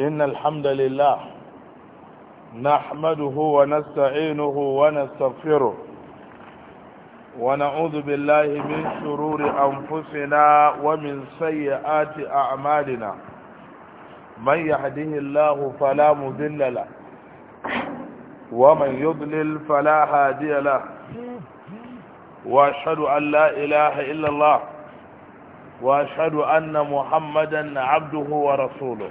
إن الحمد لله نحمده ونستعينه ونستغفره ونعوذ بالله من شرور أنفسنا ومن سيئات أعمالنا من يهده الله فلا مذل له ومن يضلل فلا هادي له وأشهد أن لا إله إلا الله وأشهد أن محمدا عبده ورسوله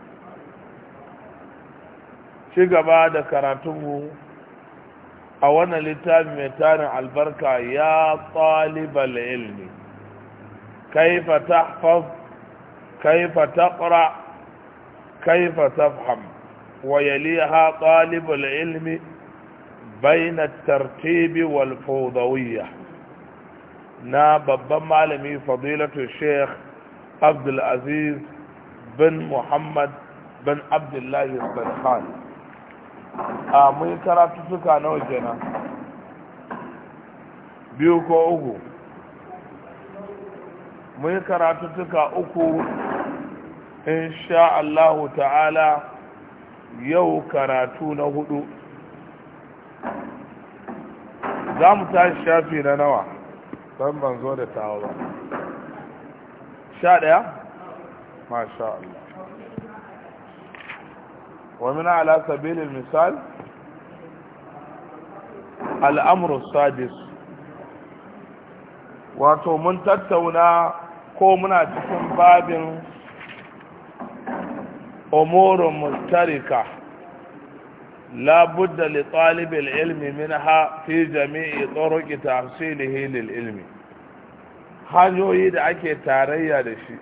ci gaba da karatunmu a wannan littafi mai tarin albarka ya talibal ilmi kaifa tahfaz kaifa taqra kaifa tafham wa yaliha talibul ilmi baina tartibi wal fawdawiyya na babban malami fadilatu sheikh abdul aziz bin muhammad bin abdullahi bin khalid a mun karatu suka nawa kenan biyu ko uku mun karatu suka uku insha Allahu ta'ala yau karatu na hudu za mu ta shafi na nawa don ban zo da tawa ba sha ɗaya? masha Allah ومن على سبيل المثال الأمر السادس wato mun tattauna ko muna cikin babin umurin mustarika labudda li talibin ilmi ha fi jami'i tsoroki tafsilihi lil ilmi hanyoyi da ake tarayya da shi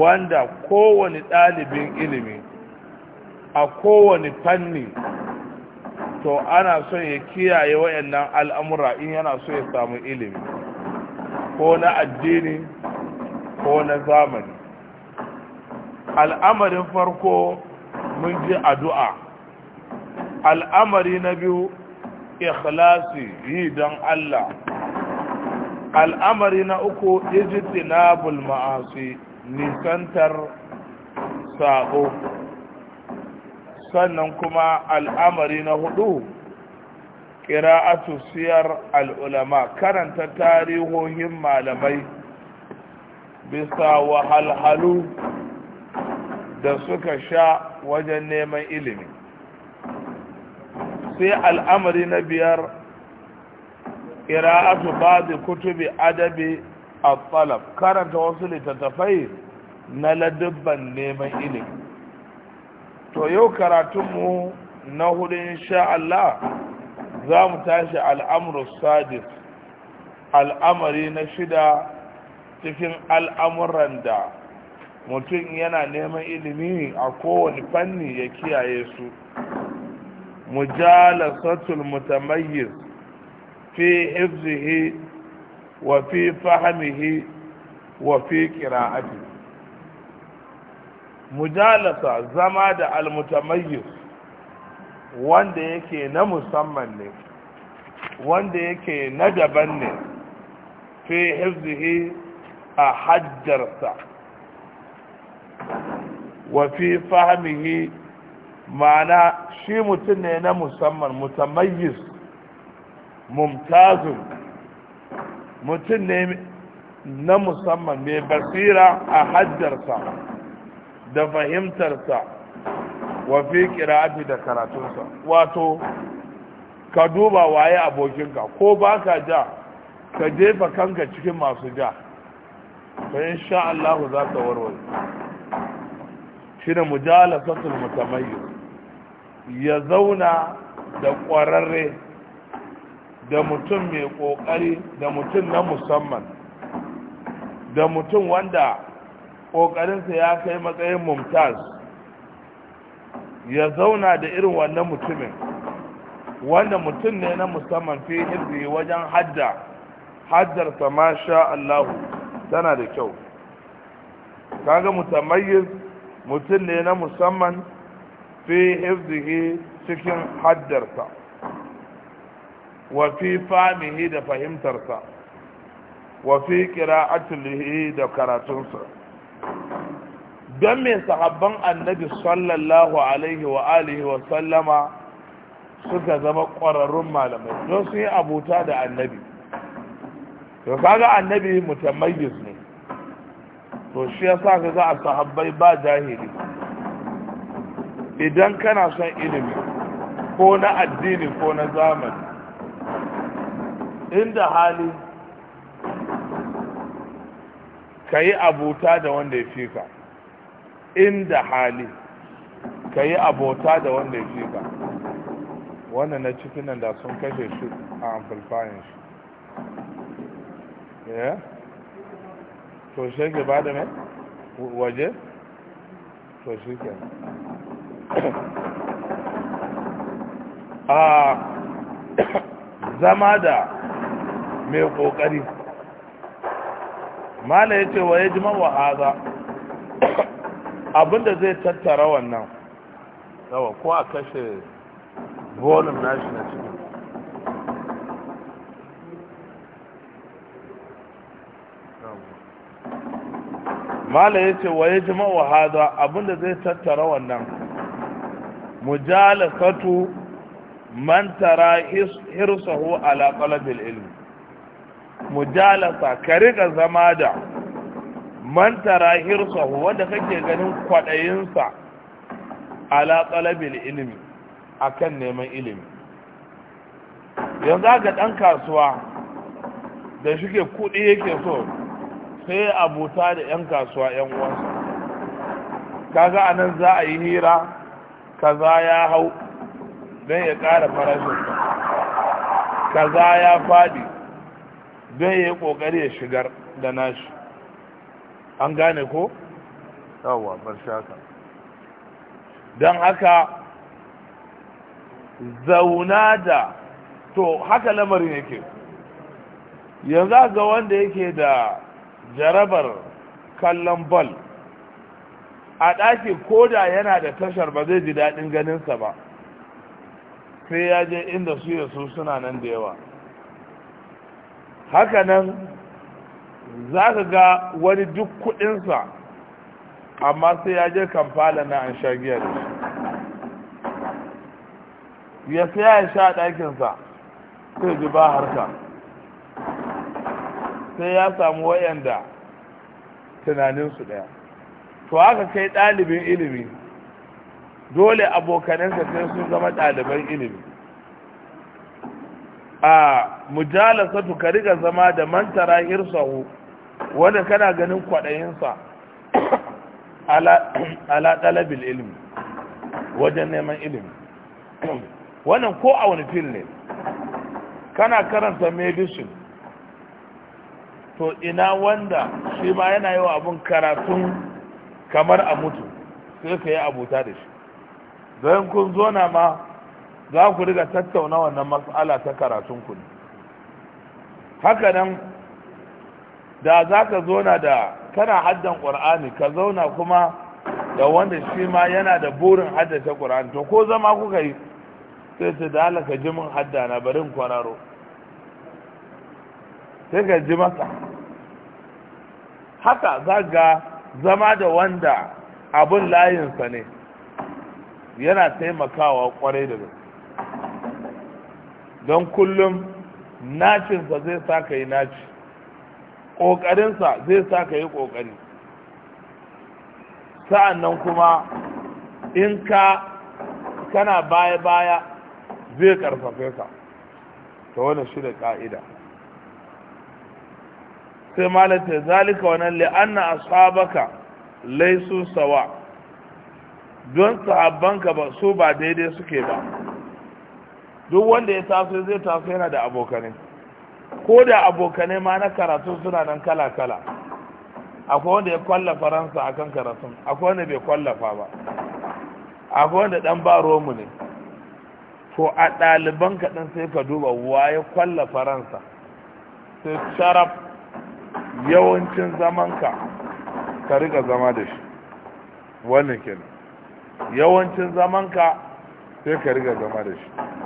wanda kowane ɗalibin ilimi a kowane fanni to ana so ya kiyaye wayannan al'amura in yana so ya samu ilimi ko na addini ko na zamani al'amarin farko mun ji addu'a al'amari na biyu ikhlasi yi don Allah al'amari na uku ijtinabul ma'asi nisantar sabo sannan kuma al'amari na hudu kira a siyar al'ulama karanta tarihohin malamai bisa wahalhalu da suka sha wajen neman ilimi sai al'amari na biyar kira a ba da kutubi adabi a tsalaf karanta wasu littattafai na ladubban neman ilimi to yau karatunmu na hudu insha Allah za mu tashi al'amur sadis al'amari na shida cikin al'amuran da mutum yana neman ilimi a kowane fanni ya kiyaye su mujalasatul mutamayyiz fi hifzihi wa fi fahimihi wa fi qira'atihi mujalasa zama da almutamayyiz wanda yake na musamman ne wanda yake na daban ne fi hifzihi a hajjarsa wa fi fahimihi ma'ana shi mutum ne na musamman mutamayyiz mumtazun mutum ne na musamman mai basira a hajjarsa da fahimtarsa wa fi da karatunsa wato ka duba waye abokinka ko baka ja ka jefa kanka cikin masu ja fa insha Allah za ka warware shi da mujalasatul mutamayyiz ya zauna da ƙwararre da mutum mai ƙoƙari da mutum na musamman da mutum wanda ƙoƙarinsa ya kai matsayin mumtaz ya zauna da irin wannan mutumin wanda mutum ne na musamman fi hirbi wajen hadda haddarsa ma sha Allahu tana da kyau kaga mutamayyiz mutum ne na musamman fi hirzihi cikin haddarsa wa fi famihi da fahimtarsa wa fi ƙira'atulihi da karatunsa don me sahabban annabi sallallahu alaihi wa alihi wa sallama suka zama ƙwararrun malamai don su yi abuta da annabi to kaga annabi mutamayyiz ne to shi ya sa ka ga a sahabbai ba jahili idan kana son ilimi ko na addini ko na zamani inda hali ka yi abota da wanda ya fi ka inda hali ka yi abota da wanda ya fi ka wannan na cikin nan da sun kashe shi a amfalfayin shi ya to shi ke ba da mai waje to shi ke a ah, zama da mai kokari mala yace wa wa hadha abinda zai tattara wannan yawa ko a kashe volume nashi na cikin mala yace wa wa hadha abinda zai tattara wannan mujalakatu man tara hirsahu ala talabil ilmi mujalasa ka riƙa zama da mantara tara hirsahu wanda kake ganin kwaɗayinsa ala talabil ilimi akan neman ilimi yanzu aka ɗan kasuwa da shike kuɗi yake so sai abuta da 'yan kasuwa 'yan uwansa kaga anan za a yi hira kaza ya hau don ya ƙara farashinsa kaza ya faɗi don ya yi ƙoƙari ya shigar da nashi an gane ko? yawwa bar shaka don haka zauna da to haka lamarin yake yanzu ga wanda yake da jarabar kallon bal a ɗaki koda yana da tashar ba zai ji daɗin ganinsa ba sai ya je inda su yasu suna nan da yawa haka nan za ka ga wani duk kudinsa amma sai ya je kamfala na an sha giya da shi ya saya ya sha ɗakinsa sai ji ba harka sai ya samu wayanda tunaninsu ɗaya to haka kai ɗalibin ilimi dole abokanensa sai sun zama ɗaliban ilimi a mujalasatu ka riga zama da mantara hirsahu wanda kana ganin kwaɗayinsa ala ɗalabil ilmi wajen neman ilimi wannan ko a wani fil ne kana karanta medicine to ina wanda shi ma yana yi wa abin karatun kamar a mutu sai ka yi abuta da shi don kun zo na ma za ku riga tattauna wannan matsala ta karatun ku ne haka nan da za ka zona da kana haddan qur'ani ka zauna kuma da wanda shi ma yana da burin haddata ƙur'ani to ko zama kuka yi sai ta da halaka jimin hadda na barin kwararo sai ka ji masa haka za ga zama da wanda abin layinsa ne yana taimakawa kwarai da gaske don kullum nacinsa zai sa ka yi naci ƙoƙarinsa zai sa ka yi ƙoƙari sa'an nan kuma in ka kana baya-baya zai ƙarfafe ka ta wani shi da ƙa'ida sai malata zalika wannan li'anna ashabaka laisu sawa don sahabbanka ba su ba daidai suke ba duk wanda ya taso zai taso yana da abokanai ko da abokanai ma na karatu suna nan kala-kala akwai wanda ya kwalla faransa a kan karatun akwai wanda bai kwallafa ba akwai wanda dan ba romu ne to a ɗaliban kaɗan sai ka duba wa ya kwallafa faransa sai sharaf yawancin zamanka ka riga zama da shi wannan kenan yawancin zamanka sai ka riga zama da shi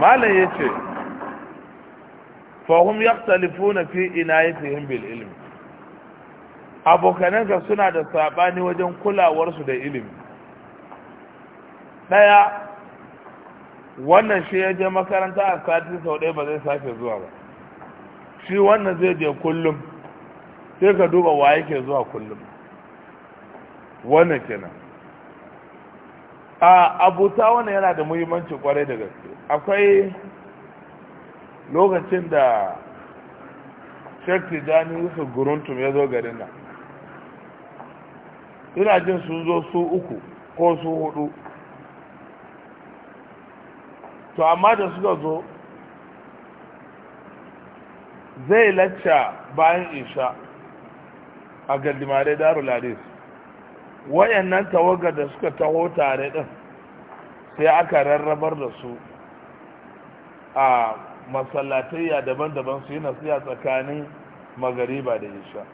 malam ya ce fahim na fi ina fi himbil ilimi abokananka suna da saɓani wajen kulawarsu da ilimi ɗaya wannan shi ya je makaranta a sati sau ɗaya ba zai sake zuwa ba shi wannan zai je kullum sai ka duba wa yake zuwa kullum wannan kenan a abuta wannan yana da muhimmanci kwarai da gaske akwai lokacin da shek tijani su guruntum ya zo garin nan ina jin sun zo su uku ko su hudu to amma da suka zo zai lacca bayan isha a galdimare darul hadis wayannan tawagar da suka taho tare din sai aka rarrabar da su a masallatayya daban-daban su yi nasiya tsakanin magariba da isha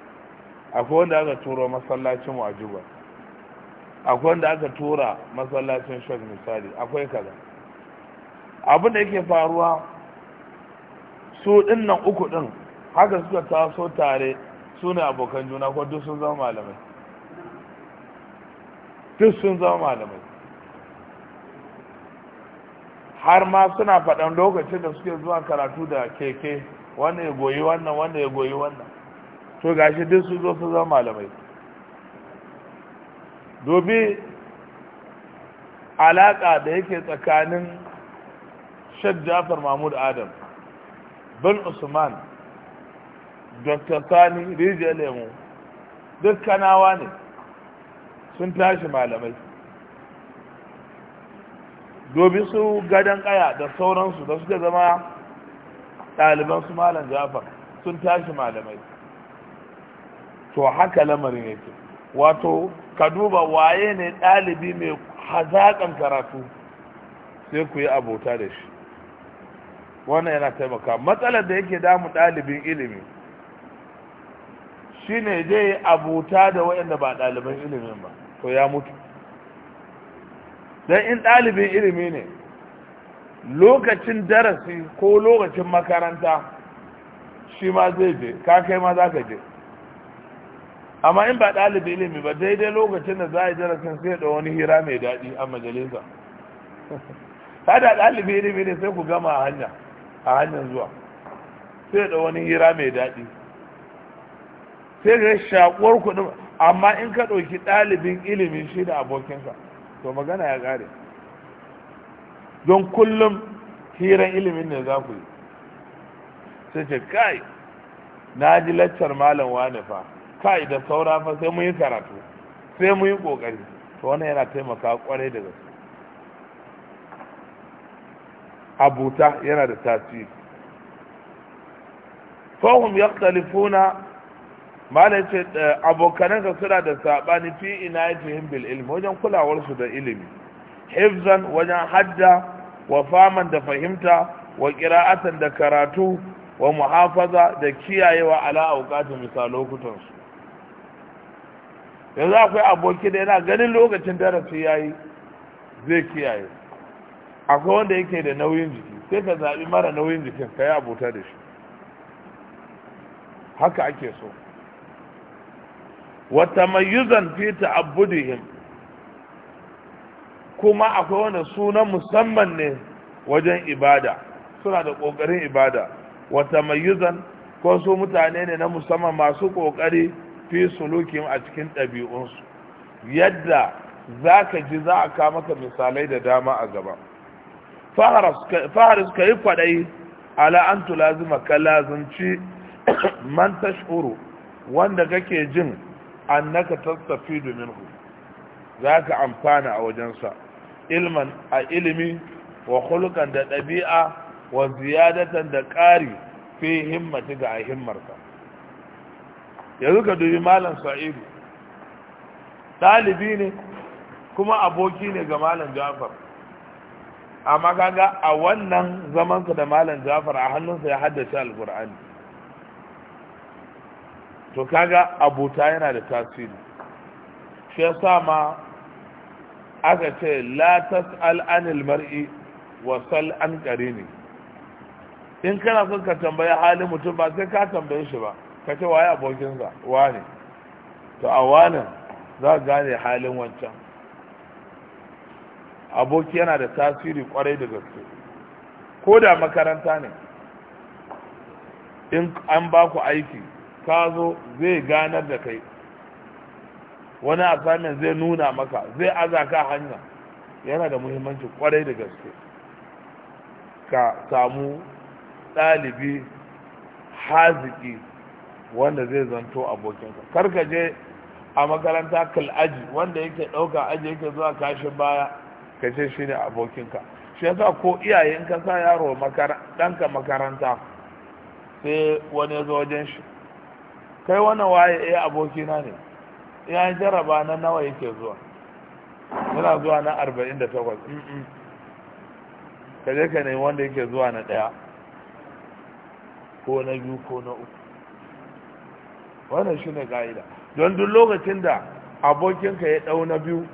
akwai wanda aka turo masallacin wajuba akwai wanda aka tura masallacin shag misali akwai kaza abin da yake faruwa su dinnan uku din haka suka taso tare su ne abokan juna ko duk sun zama malamai duk sun zama malamai har ma suna faɗan lokacin da suke zuwa karatu da keke wanda ya goyi wannan wanda ya goyi wannan to gashi duk sun zo sun zama malamai dobi alaƙa da yake tsakanin shek jafar mahmud adam bin usman dr sani rijiyar lemu duk kanawa ne sun tashi malamai domin su gadon kaya da sauransu da suka zama ɗaliban su malam jafar sun tashi malamai to haka lamarin yake wato ka duba waye ne ɗalibi mai hazaƙan karatu sai ku yi abota da shi wannan yana taimaka matsalar da yake damu ɗalibin ilimi shine zai abota da waɗanda ba ɗaliban ilimin ba to ya mutu don in ɗalibin ilimi ne lokacin darasi ko lokacin makaranta shi ma zai je ka kai ma za ka je amma in ba ɗalibin ilimi ba daidai lokacin da za a yi darasin sai da wani hira mai daɗi a majalisa kada ɗalibin ilimi ne sai ku gama a hanya a hanyar zuwa sai da wani hira mai daɗi sai ga shakuwar kuɗin amma in ka ɗauki ɗalibin ilimin shi da abokinsa to magana ya ƙare don kullum hiran ilimin ne za ku yi sai ce kai na ji laccar malam wane fa kai da saura fa sai mun yi karatu sai mun yi ƙoƙari to wannan yana taimaka kwarai da gaske abuta yana da tasiri fahim yaktalifuna malai ce eh, abokananka suna da saɓani fi ina fi bil ilmi wajen kulawarsu da ilimi hifzan wajen hadda wa faman da fahimta wa kira'atan da karatu wa muhafaza da kiyayewa ala auqati misa lokutansu yanzu akwai aboki da yana ganin lokacin darasi ya yi zai kiyaye akwai wanda yake da nauyin jiki sai ka zaɓi mara nauyin jikin ka yi abota da shi haka ake so wa tamayyuzan fi ta'abbudihim kuma akwai wanda sunan musamman ne wajen ibada suna da kokarin ibada wa tamayyuzan ko su mutane ne na musamman masu kokari fi sulukin a cikin ɗabi'unsu yadda za ka ji za a kawo maka misalai da dama a gaba faharis ka yi kwaɗayi ala an tulazima ka lazimci man wanda kake jin annaka tastafidu minhu zaka amfana a wajensa ilman a ilimi wa khuluqan da dabi'a wa ziyadatan da ƙari fi himmati ga himmarka yanzu ka dubi malam sa'idu ɗalibi ne kuma aboki ne ga malam jafar amma kaga a wannan ka da malam jafar a hannunsa ya haddace alkur'ani to kaga abota yana da tasiri shi yasa ma aka ce la tas'al anil mar'i wa sal an qarini in kana son ka tambayi halin mutum ba sai ka tambaye shi ba ka ce waye sa wane to a wanan za ka gane halin wancan aboki yana da tasiri kwarai da gaske ko da makaranta ne in an ba ku aiki ka zo zai ganar da kai wani assignment zai nuna maka zai aza ka hanya yana da muhimmanci kwarai da gaske ka samu ɗalibi haziki wanda zai zanto abokinka karka je a makaranta kal'aji wanda yake ɗauka aji yake zuwa kashin baya ka ce shi ne abokinka shi yasa ko iyayen ka sa yaro ɗanka makaranta sai wani ya zo wajen shi kai wannan waye eh abokina ne ya jaraba na nawa yake zuwa yana zuwa na arba'in da takwas ka je ka nemi wanda yake zuwa na ɗaya ko na biyu ko na uku wannan shi ne ga'ida don duk lokacin da abokinka ya dau na biyu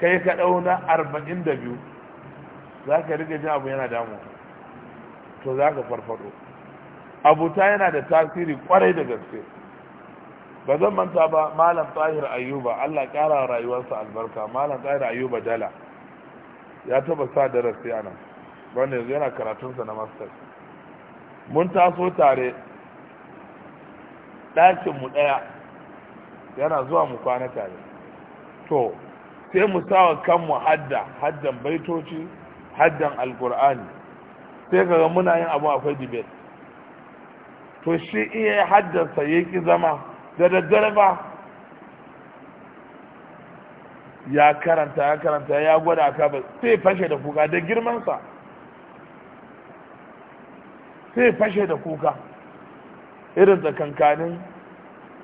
kai ka dau na arba'in da biyu za ka riga jin abu yana damu to za ka farfado abuta yana da tasiri kwarai da gaske ba zan manta ba malam tahir ayuba allah kara rayuwarsa albarka malam tahir ayuba dala ya taba sa darasi a nan wanda yanzu yana karatunsa na master mun taso tare ɗakin mu ɗaya yana zuwa mu kwana tare to sai mu sawa kanmu hadda haddan baitoci haddan alkur'ani sai kaga muna yin abu akwai debate to shi iya haddasa ya ƙi zama da daddare ba ya karanta ya karanta ya gwada a ba sai fashe da kuka da girmansa sai fashe da kuka irin tsakankanin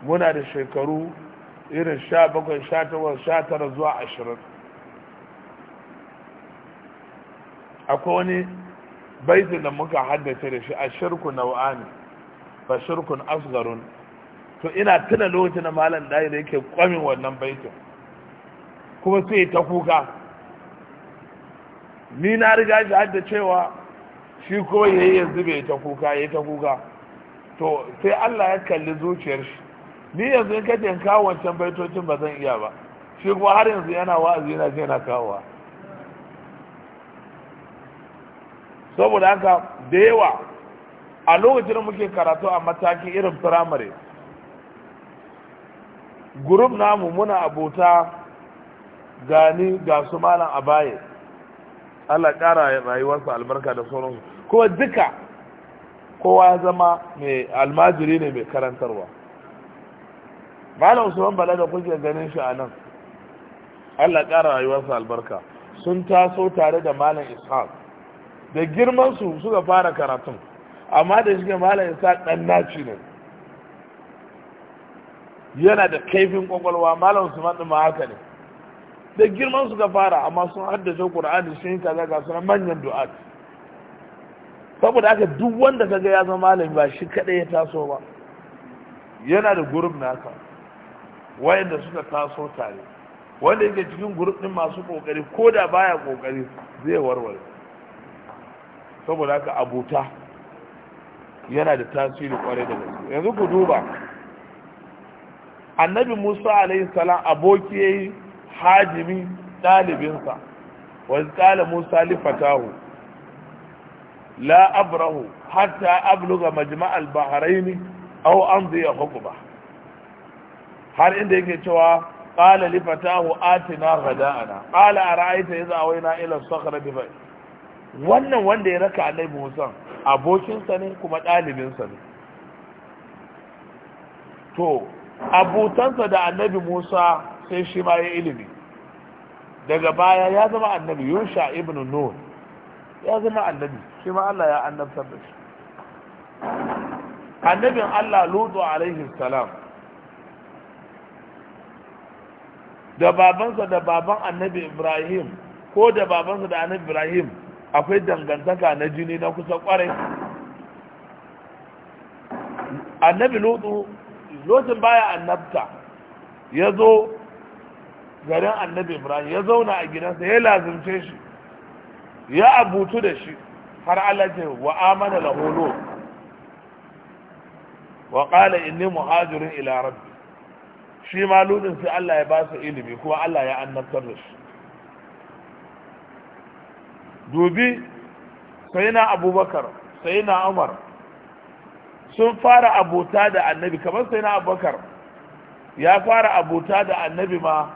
muna da shekaru irin sha bakwai sha tawar sha tara zuwa ashirin akwai wani baitin da muka haddace da shi a shirku nau'ani fa shirkun asgharun to ina tuna lokacin da malam dai da yake kwamin wannan baitin kuma sai ta kuka ni na riga shi da cewa shi ko yayi yanzu bai ta kuka yayi ta kuka to sai Allah ya kalli zuciyar shi ni yanzu in kace in kawo wancan baitocin ba zan iya ba shi kuma har yanzu yana wa'azi yana ce yana kawowa saboda haka da yawa a lokacin da muke karatu a mataki irin firamare gurup namu muna abota gani ga su malam abaye Allah ƙara rayuwarsa albarka da sauransu kuma duka kowa ya zama mai almajiri ne mai karantarwa malam usman bala da kuke ganin shi a nan Allah ƙara rayuwarsa albarka sun taso tare da malam ishaq da girman su suka fara karatun amma da shi malam ya sa dan naci ne yana da kaifin kwakwalwa malam su din ma haka ne da girman su ga fara amma sun haddace qur'ani shi kaza ga manyan du'a saboda haka duk wanda ga ya zama malami ba shi kadai ya taso ba yana da gurub naka wayanda suka taso tare wanda yake cikin gurub din masu kokari ko da baya kokari zai warware saboda haka abuta yana da tasiri kwarai da gaske yanzu ku duba annabi musa alaihi salam aboki yayi hajimi ɗalibinsa wa kala musa li fatahu la abrahu hatta abluga majma' al-bahrain aw amdi ba. har inda yake cewa Kala li fatahu atina ghada'ana qala ara'aita idza awayna ila sakhra bi wannan wanda ya raka annabi musa abokinsa ne kuma ɗalibinsa ne to abutansa da annabi musa sai shi ma ya ilimi daga baya ya zama annabi yusha ibn nun ya zama annabi shi ma allah ya annabtar da shi annabin allah lutu alaihi salam da babansa da baban annabi ibrahim ko da babansa da annabi ibrahim akwai dangantaka na jini na kusa kwarai annabi lutu lotin baya annabta ya zo garin annabi ibrahim ya zauna a gidansa ya lazimce shi ya abutu da shi har alaje wa amana laholo wa qala inni muhajirin ila rabbi shi ma lutin sai Allah ya ba su ilimi kuma Allah ya annabtar da shi dubi Sai na abubakar Sai na umar sun fara abota da annabi kamar na abubakar ya fara abota da annabi ma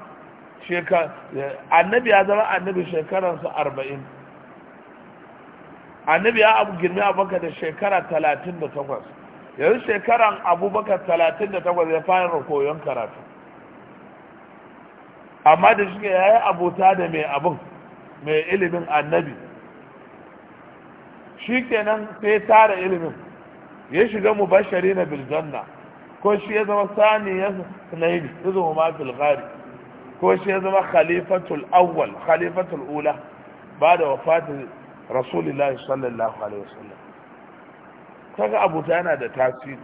annabi ya zama annabi su arba'in annabi ya abu girme abubakar da shekara talatin da takwas yanzu shekaran abubakar talatin da takwas ya fara koyon karatu amma da shi ya yi abota da mai abin mai ilimin annabi shikenan sai tara ilimin ya shiga mu bashari na biljanna ko shi ya zama sani ya sunaini izu ma fil ko shi ya zama khalifatul awwal khalifatul ula ba da wafatin rasulullahi sallallahu alaihi wasallam kaga abuta yana da tasiri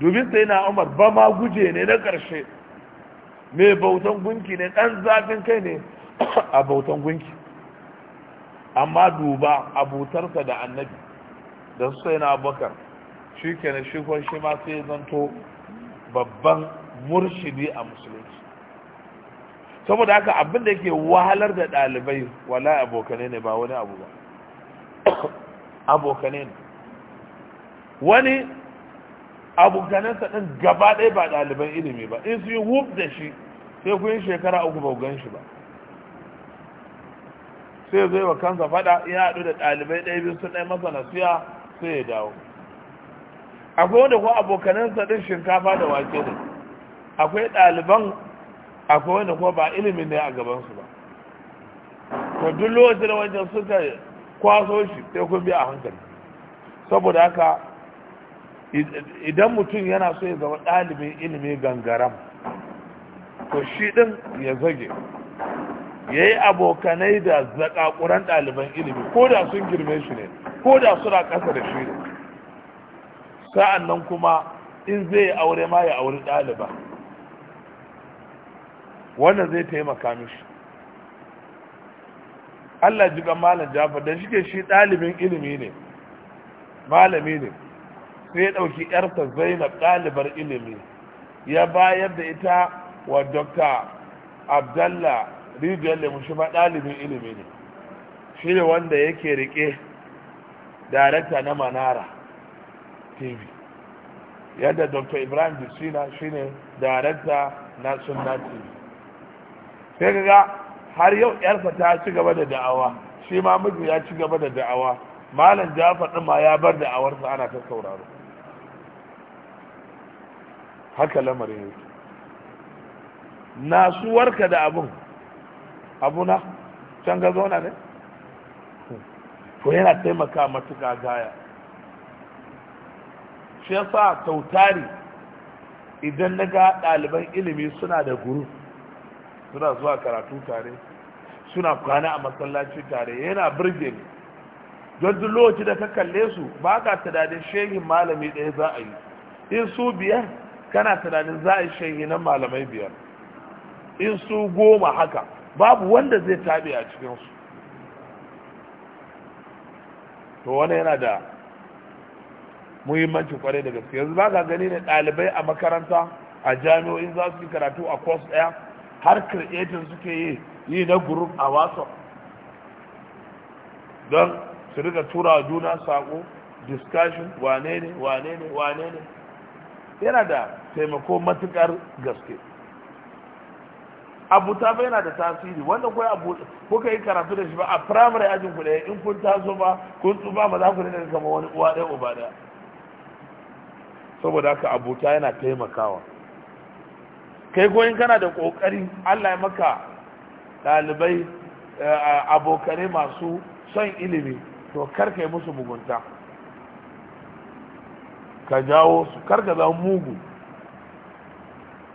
domin sai na umar ba ma guje ne na ƙarshe mai bautan gunki ne ɗan zafin kai ne a bautan gunki amma duba abutarsa da annabi da su sai na bakar shi kenan shi kwan shi ma sai zanto babban murshidi a musulunci saboda haka abin da yake wahalar da ɗalibai wala abokane ne ba wani abu ba abokane ne wani abokanensa ɗin gaba ɗaya ba ɗaliban ilimi ba in su yi wuf da shi sai kun shekara uku ba gan shi ba sai zai wa kansa fada ya haɗu da ɗalibai ɗaya biyu sun ɗaya masa nasiya sai ya dawo akwai wanda ko abokanansa ɗin shinkafa da wake ne akwai ɗaliban akwai wanda ko ba ilimi ne a gabansu ba to duk lokacin da wajen suka kwaso shi sai kun bi a hankali saboda haka idan mutum yana so ya zama ɗalibin ilimi gangaram to shi ɗin ya zage ya yi abokanai da zakakuran ɗaliban ilimi ko da sun girme shi ne ko da suna ƙasa da shi ne sa'an nan kuma in zai aure ma ya auri ɗaliba wannan zai taimaka mishi Allah ji kan malam Jafar da shike shi ɗalibin ilimi ne malami ne sai ya ɗauki ƴarta Zainab ɗalibar ilimi ya bayar da ita wa dokta Abdallah rijiyar lemu shi ma ɗalibin ilimi ne shi ne wanda yake rike darakta na manara tv yadda dr ibrahim bisina shi ne darakta na suna tv sai kaga har yau yarsa ta ci gaba da da'awa shi ma miji ya ci gaba da da'awa malam jafar din ma ya bar da'awarsa ana ta sauraro haka lamarin yake nasuwarka da abin abuna can ga zauna ne to yana taimaka matuƙa gaya shi ya sa tautari idan na ga ɗaliban ilimi suna da guru suna zuwa karatu tare suna kwana a masallaci tare yana birge ni don duk lokaci da ka kalle su ba ka tunanin shehin malami ɗaya za a yi in su biyar kana tunanin za a yi shehinan malamai biyar in su goma haka babu wanda zai tabe a cikinsu to wani yana da muhimmanci kwarai da gaske yanzu ba ka gani ne dalibai a makaranta a jami'o'in za su yi karatu a course ɗaya har creating suke yi yi na group a whatsapp don su rika tura juna sako discussion wane ne wane ne wane ne yana da taimako matukar gaske abu ta yana da tasiri wanda kawai abu kuka yi karatu da shi ba a firamare ajin ku ɗaya in kun taso ba kun tsufa ba za ku rika kama wani uwa ɗaya uba ɗaya saboda haka abota yana taimakawa kai ko in kana da ƙoƙari allah ya maka ɗalibai eh, abokanai masu son ilimi to karka yi musu mugunta ka jawo su karka zama mugu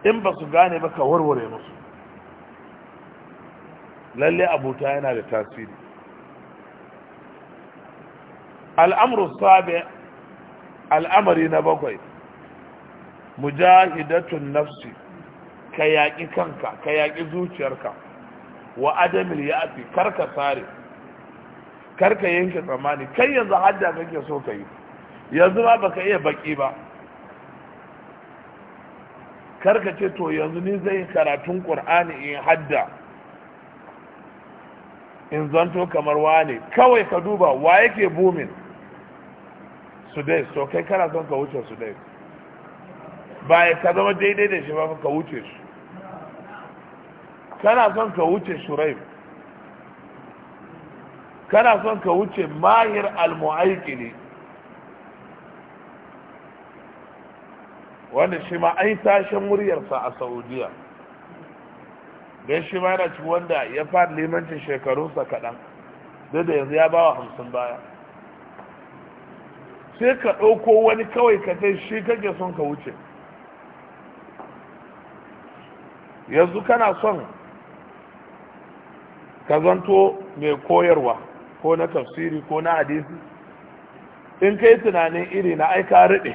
in ba su gane ba ka warware musu lalle abota yana da tasiri al'amru sabi al'amari na bakwai mujahidatun nafsi ka yaƙi kanka ka yaƙi zuciyarka wa adamil ya fi karka tsare karka yanke tsammani kai yanzu hajja kake so ka yi yanzu ba baka iya baki ba karka ce to yanzu ni zai karatun ƙur'ani in hadda in zanto kamar wane kawai ka duba wa yake bumin sudais so kai kana son ka wuce sudais ba ka zama daidai da shi ba ka wuce su kana son ka wuce shuraib kana son ka wuce mahir al wanda shi ma ai tashin muryarsa a saudiya gai shi ma yana cikin wanda ya fara limancin shekarunsa kaɗan duk da yanzu ya ba wa hamsin baya sai ka ɗauko wani kawai ka kai shi kake son ka wuce yanzu kana son ka zanto mai koyarwa ko na tafsiri ko na hadisi in kai tunanin iri na aika riɗe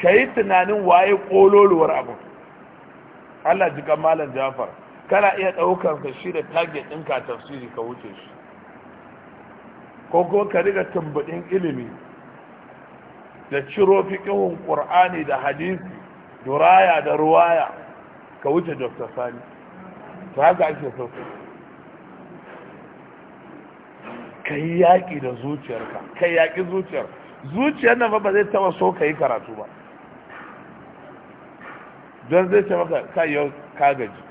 ka yi tunanin waye ƙololuwar abu Allah kan malam Jafar kana iya ɗaukar ka shi da target ɗinka tafsiri ka wuce shi ko ko ka riga tumbuɗin ilimi da ciro fiƙihun ƙur'ani da hadisi duraya da ruwaya ka wuce Dr. Sani to haka ake so ka yi yaƙi da zuciyarka ka yaƙi zuciyar zuciyar nan ba zai taba so ka yi karatu ba don zai ce maka ka yau ka gaji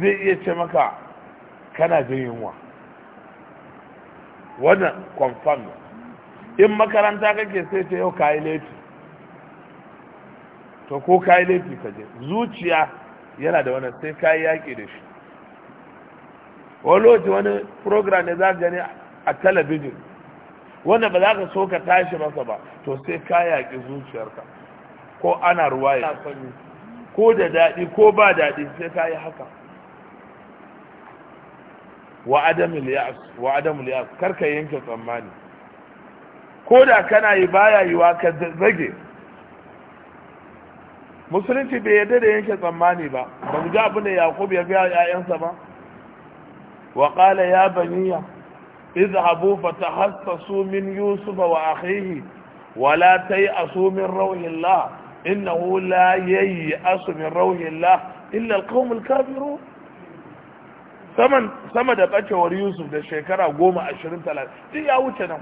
zai iya ce maka kana jin yunwa wannan confirm in makaranta kake sai ce yau kayi laifi to ko kayi laifi ka je zuciya yana da wannan sai kayi yaƙi da shi wani lokaci wani program ne za gani a talabijin wanda ba za ka so ka tashi masa ba to sai ka yaƙi zuciyarka ko ana ruwaya ko da daɗi ko ba daɗi sai ka yi haka wa adamul ya'as wa karka yanke tsammani ko da kana yi baya yiwa ka zage musulunci bai yarda da yanke tsammani ba ba ga abin da yaqub ya ga 'ya'yansa ba wa qala ya baniya izhabu fatahassasu min yusufa wa akhihi wala la tayasu min rawhillah innahu la yayi asu min rauhillah illa alqawmul kafirun saman sama da bacewar Yusuf da shekara goma ashirin talatin duk ya wuce nan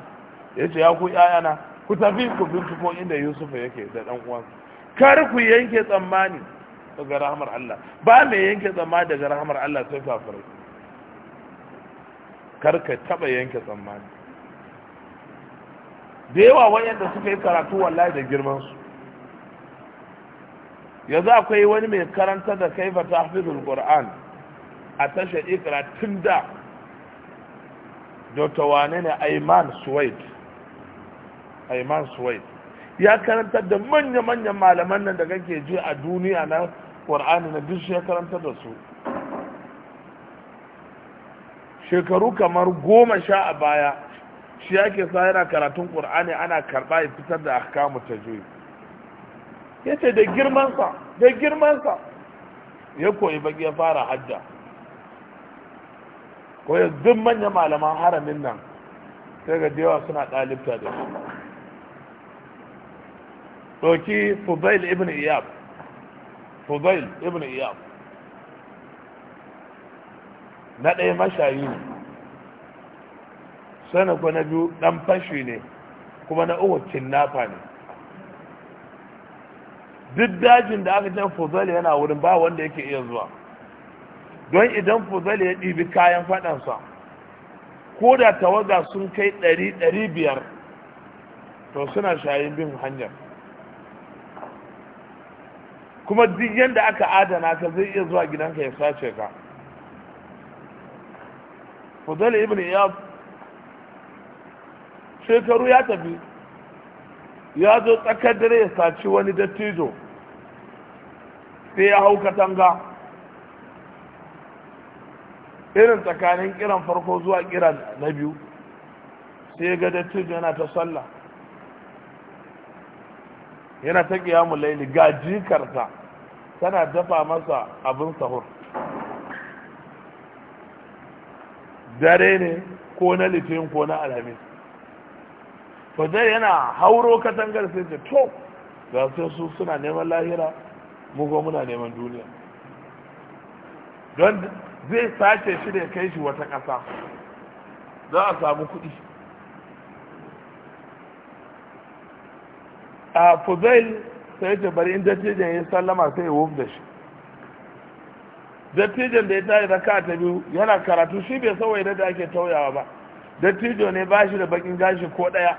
ya ce ya ku ƴaƴana ku tafi ku binciko inda Yusuf yake da ɗan uwansa kar ku yanke tsammani daga rahamar Allah ba mai yanke tsammani daga rahamar Allah sai kafirai kar ka taɓa yanke tsammani da yawa wayanda suka yi karatu wallahi da girman su yanzu akwai wani mai karanta da ta hafi qur'an a tashar ikira tun da dr wane ne aiman suwaid ya karanta da manya-manyan malaman nan da kake ji a duniya na qur'ani na duk ya karanta da su shekaru kamar goma sha a baya shi yake sa yana karatun qur'ani ana karɓa ya fitar da ahkamu juyi ya ce da girmansa da girmansa ya koyi baki ya fara hajja ko ya duk manyan malaman haramin nan sai ga dewa suna ɗalibta da su ɗauki fudail ibn iyab fudail ibn iyab na ɗaya mashayi ne na biyu ɗan fashi ne kuma na uku kinnafa ne duk dajin da aka jan fuzali yana wurin ba wanda yake iya zuwa don idan fuzali ya ɗibi kayan faɗansa ko da tawaga sun kai ɗari ɗari biyar to suna shayin bin hanyar kuma duk yadda aka adana ka zai iya zuwa gidanka ya sace ka fuzali ibn ya shekaru ya tafi ya zo tsakar dare ya saci wani dattijo sai ya hau katanga irin tsakanin kiran farko zuwa kiran na biyu sai ga dattijo yana ta sallah yana ta kiyamu laili ga jikarta tana dafa masa abin sahur dare ne ko na litin ko na alhamis fadar yana hauro katangar sai ce to ga sai su suna neman lahira mu muna neman duniya don zai sace shi da kai shi wata ƙasa za a samu kuɗi a fuzail sai ta bari in dattijan ya sallama sai ya wuf da shi dattijan da ya tare da ta biyu yana karatu shi bai sauwa idan da ake tauyawa ba dattijo ne ba shi da bakin gashi ko ɗaya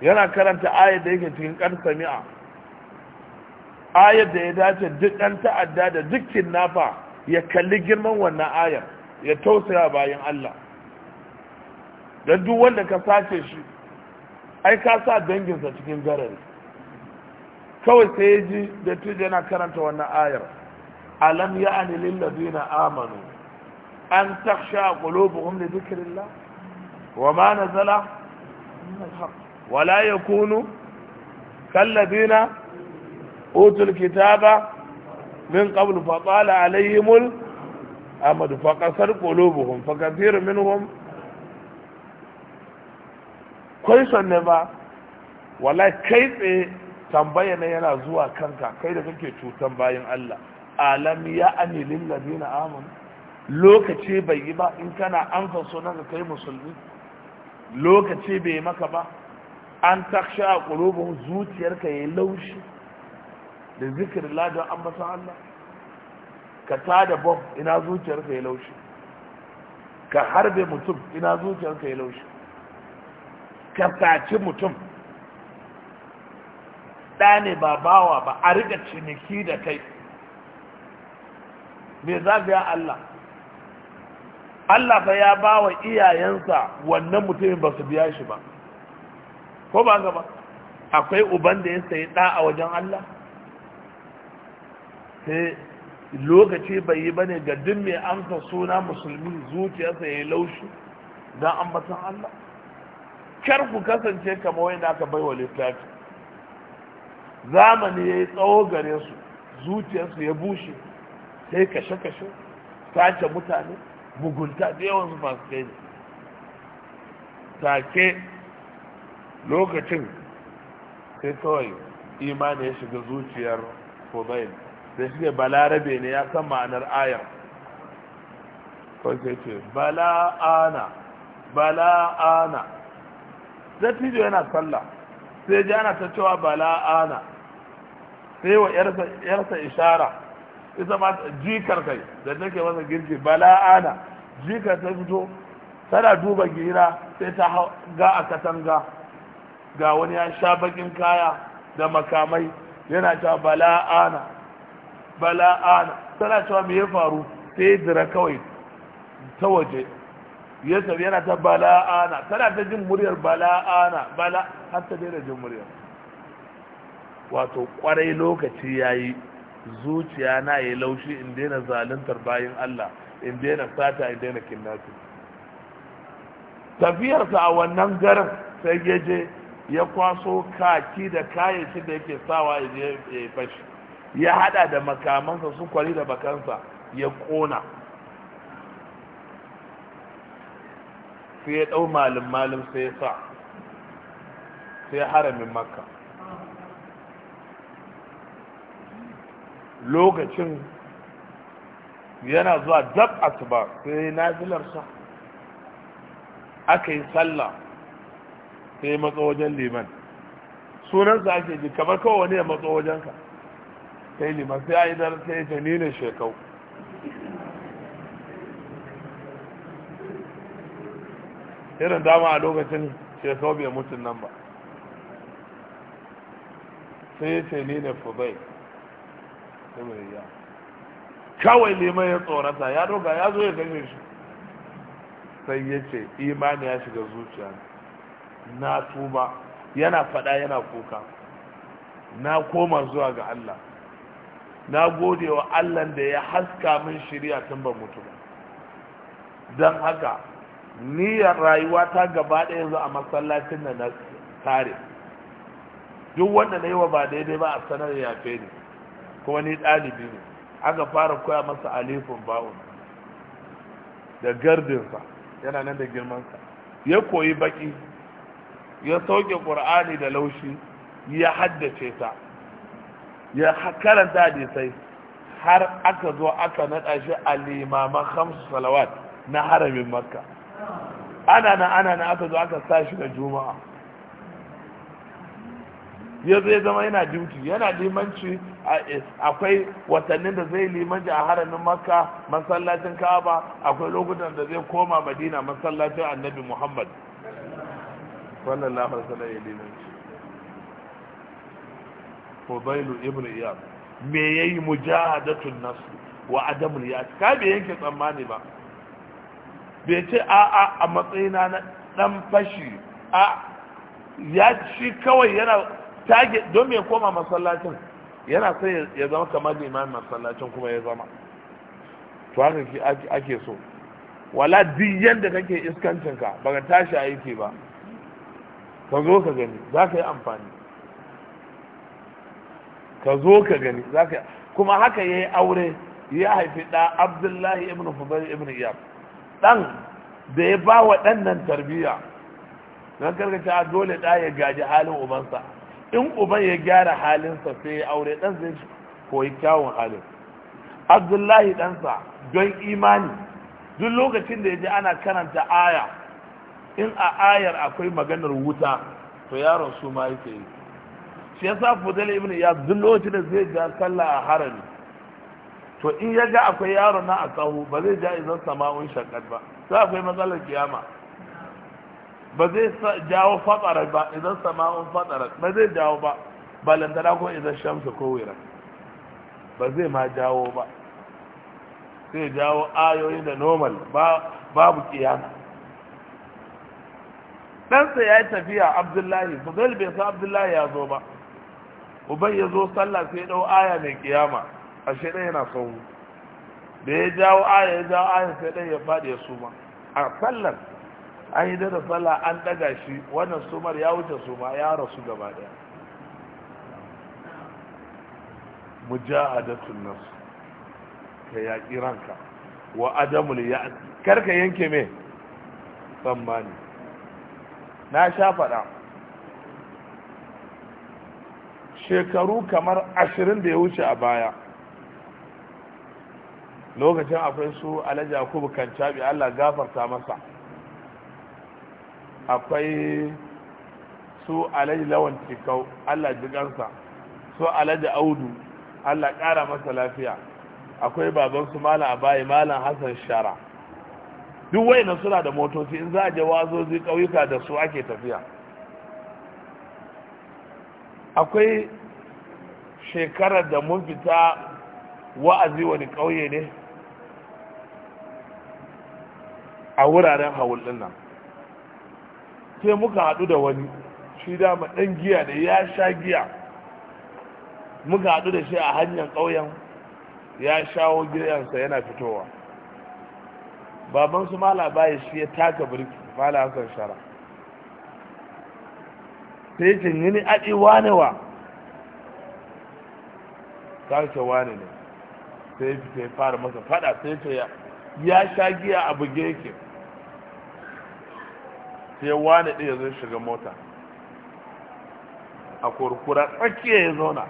yana karanta ayat da yake cikin ƙar sami'a ayar da ya dace duk ɗan ta'adda da dukkin nafa ya kalli girman wannan ayar ya tausaya bayan Allah don duk wanda ka sace shi ai ka sa danginsa cikin garari kawai sai ya ji da yana karanta wannan ayar alam ya'ani ladina amanu an taksha qulubuhum li dhikrillah وما نزل من الحق ولا utul kitaba min qablu fa qala alaihimul amad fa qasar qulubuhum fa kathirun minhum question ne ba wallahi kai tsaye tambaya ne yana zuwa kanka kai da kake cutan bayan Allah alam ya ani lil ladina amanu lokaci bai yi ba in kana amsa sunan kai musulmi lokaci bai maka ba an taksha qulubuhum zuciyarka yayi laushi da zikirin an ambaton Allah ka tada bom ina zuciyarka ya laushi ka harbe mutum ina zuciyarka ya laushi ka saci mutum ɗa ne ba bawa ba a riga ciniki da kai me za Allah Allah fa ya ba wa iyayensa wannan mutumin ba su biya shi ba ko ba gaba akwai uban da ya sayi ɗa a wajen Allah sai lokaci bai yi bane ga duk mai amsa suna musulmi zuciyarsa ya yi laushi don ambatan Allah kar ku kasance kama wai na ka baiwa littafi zamani ya yi tsawo gare su zuciyarsu ya bushe sai kashe-kashe sace mutane mugunta da yawan su masu kai take lokacin sai kawai imani ya shiga zuciyar fobayin sai shi balarabe ne ya san ma'anar ayar kawai sai ce bala'ana bala'ana dattijo yana sallah sai ji ana ta cewa bala'ana sai wa yarsa ishara ita ma jikar kai da take masa girki bala'ana jikar ta fito tana duba gira sai ta ga a katanga ga wani ya sha bakin kaya da makamai yana ta bala'ana bala ana tana cewa me ya faru sai ya jira kawai ta waje ya tafi yana ta bala ana tana ta jin muryar bala ana bala har ta daina jin muryar wato kwarai lokaci ya yi zuciya na ya laushi in daina zaluntar bayan Allah in daina sata in daina kinnati tafiyarsa a wannan garin sai ya je ya kwaso kaki da kayan shi da yake sawa ya je ya fashi ya hada da makamansa su kwari da bakansa ya kona sai ya dau malin malin sai ya sa sai haramin makka lokacin yana zuwa dab asuba sai nazilarsa aka yi sallah sai matsa wajen liman sunansa ake ji kamar kawai wani ya matsa wajenka sai ne masu a yi dar sai ta nina shekau irin dama a lokacin shekau bai mutun nan ba sai ce ni ne fubai ya kawai neman ya tsorata ya doga ya zo ya gane shi sai ya ce imani ya shiga zuciya na tuba yana fada yana kuka na koma zuwa ga Allah na gode wa Allah da ya haska min shirya tun ban mutu ba don haka niyyar rayuwa ta gaba ɗaya yanzu a masallacin da na tare duk wanda na yi wa ba daidai ba a sanar ya fe ne kuma ni ɗalibi ne aka fara koya masa alifin ba'un da gardinsa yana nan da girmansa ya koyi baki ya sauke ƙur'ani da laushi ya haddace ta ya karanta hadisai har aka zo aka naɗa shi a limaman hamsu salawat na haramin makka ana na ana na aka zo aka sa shi da juma'a ya zai zama yana duty yana limanci akwai watannin da zai limanci a haramin makka masallacin ka'aba akwai lokutan da zai koma madina masallacin annabi muhammad sallallahu alaihi wasallam ya limanci fudailu ibn iyad me yayi mujahadatun nafs wa adamul ya ka bai yanke tsammani ba bai ce a'a a a matsayina na ɗan fashi a ya shi kawai yana don me koma masallacin yana sai ya zama kamar limamin masallacin kuma ya zama to haka ake so wala duk yadda kake iskancinka ba ka tashi aiki ba ka zo ka gani za ka yi amfani ka zo ka gani zaka kuma haka yayi aure ya haifi da Abdullahi ibn Fudayl ibn Iyab dan da ya ba wa dan nan tarbiya dan ta dole da ya gaji halin ubansa in uban ya gyara halinsa sai ya aure dan zai koyi kyawun halin Abdullahi ɗansa don imani duk lokacin da ya ji ana karanta aya in a ayar akwai maganar wuta to yaron su ma yake yi shi yasa fudal ibn ya duk lokacin da zai ja sallah a harami to in ya ga akwai yaro na a tsawo ba zai ja izan sama'un shakar ba sai akwai matsalar kiyama ba zai jawo fatsara ba idan sama'un fatsara ba zai jawo ba balantana ko idan shamsu ko wira ba zai ma jawo ba sai jawo ayoyi da normal babu kiyama ɗansa ya yi tafiya abdullahi zai bai sa abdullahi ya zo ba ubai ya zo sallah sai ya dau aya mai kiyama ashe ɗaya yana sahu da ya jawo aya ya jawo aya sai dai ya fadi ya suma a sallar an yi da sallah an daga shi wannan sumar ya wuce suma ya rasu gaba ɗaya mujahadatun nas ka yaƙi ranka wa adamul ya karka yanke me tsammani na sha faɗa shekaru kamar ashirin da ya wuce a baya lokacin akwai su alhaji yakubu kancabi allah gafarta masa akwai su alhaji lawan cikau allah jigansa su alhaji audu allah ƙara masa lafiya akwai baban su malam baya, malam hassan shara duk waina suna da motoci in za a je wazozi ƙauyuka da su ake tafiya akwai shekarar da mun fita wa'azi wani ƙauye ne a wuraren hawul nan sai muka haɗu da wani shi dama ɗan giya ne ya sha giya muka haɗu da shi a hanyar ƙauyen ya shawo giyansa yana fitowa baban su mala baya shi ya taka birki mala hasan shara sai yi ni aɗi wa Kake wane wani ne sai ya fita ya fara masa fada sai ya sha giya a buge yake sai wani ɗaya zai shiga mota a kurkura tsakiya ya zauna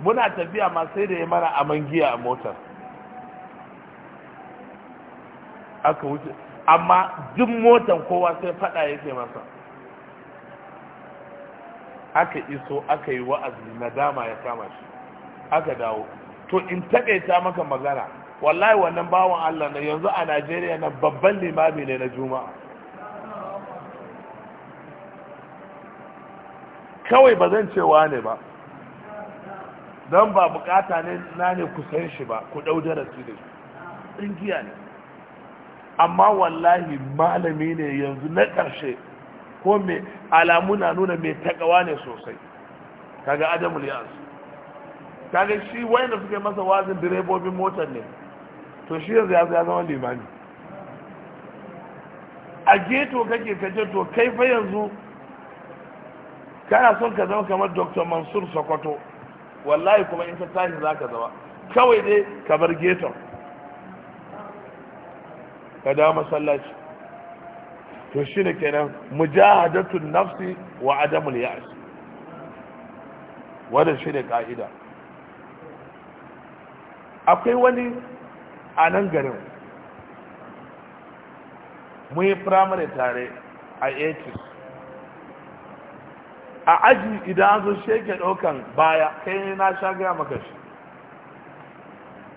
muna tafiya ma sai da ya mara aman giya a motar aka wuce amma duk motan kowa sai fada yake masa aka iso aka yi wa'azi nadama ya kama shi aka dawo to in taƙaita maka magana wallahi wannan bawan Allah na yanzu a Najeriya na babban limami ne na juma'a kawai ba zan cewa ne ba don ba bukata ne na ne kusan shi ba ku ɗau darasi da shi giya ne amma wallahi malami ne yanzu na ƙarshe ko mai alamu na nuna mai takawa ne sosai kaga adamul yansu kaga shi wayanda suke masa wazin direbobin motar ne to shi yanzu ya zama limani a geto kake kaje to kai fa yanzu kana son ka zama kamar dr mansur sokoto wallahi kuma in ka tashi za ka zama kawai dai ka bar ghetto ka dawo masallaci to shi ne kenan mujahadatun nafsi wa adamul ya'as wanda shi ne ka'ida akwai wani a nan garin mun yi firamare tare a 80 a aji idan an zo sheke ɗaukan baya kai na sha gaya maka shi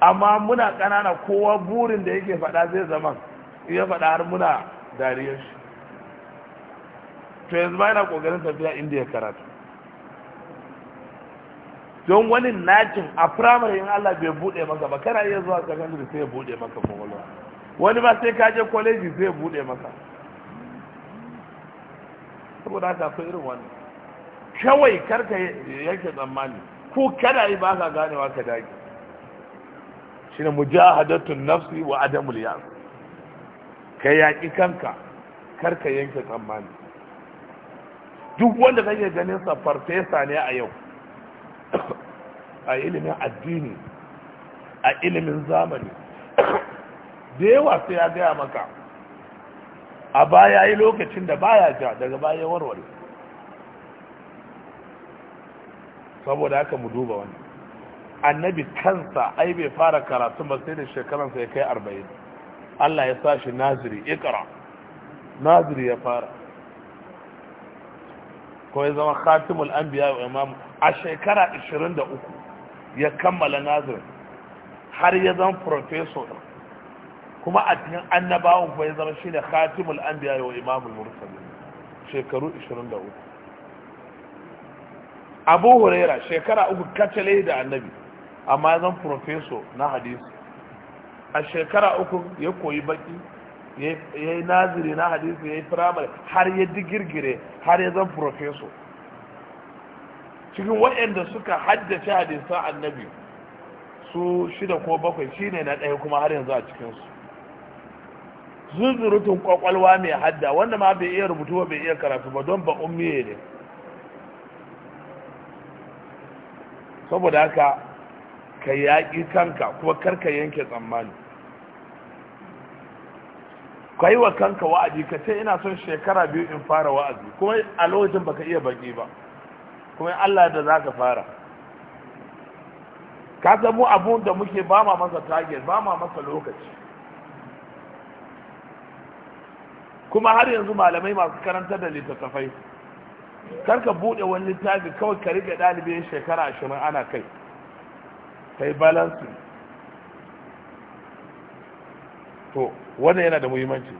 amma muna ƙanana kowa burin da yake faɗa zai zama iya faɗa har muna dariyar shi to yanzu ba yana ƙoƙarin tafiya inda ya karatu don wani najin a firamare in Allah bai bude maka ba kana iya zuwa secondary sai ya bude maka kwakwalwa wani ba sai ka je kwaleji sai ya bude maka saboda haka akwai irin wani kawai karka yanke tsammani ko kada yi ba ka ganewa ka dage shine mujahadatun nafsi wa adamul yas ka yaki kanka karka yanke tsammani duk wanda kake ganin sa farfesa ne a yau a ilimin addini a ilimin zamani da yawa sai ya gaya maka a baya yi lokacin da baya ja daga baya warware saboda haka mu duba wani annabi kansa ai bai fara karatu ba sai da shekaransa ya kai arba'in Allah ya sa shi naziri ikra naziri ya fara ko ya zama khatimul anbiya wa imam a shekara 23 ya kammala nazarin har ya zan profeso ɗin kuma a cikin annabawan kuma ya zama shi ne khatimul an biya wa imamul mursalin shekaru 23 abu huraira shekara uku kacale da annabi amma ya zan profeso na hadisi a shekara uku ya koyi baki ya yi naziri na hadisi ya yi firamare har ya digirgire har ya zan profeso cikin waɗanda suka haddace hadisan annabi su shida ko bakwai shine na ɗaya kuma har yanzu a cikinsu zuzurutun kwakwalwa mai hadda wanda ma bai iya rubutu ba bai iya karatu ba don ba ummiye ne saboda haka ka yaƙi kanka kuma karka yanke tsammani ka yi wa kanka wa'azi ka ce ina son shekara biyu in fara wa'azi kuma a lokacin baka iya baki ba kuma Allah da za ka fara ka samu abun da muke ba ma masa target ba ma masa lokaci kuma har yanzu malamai masu karantar da littattafai kar ka buɗe wani littafi kawai ka riga ɗalibi shekara ashirin ana kai kai balansu to wannan yana da muhimmanci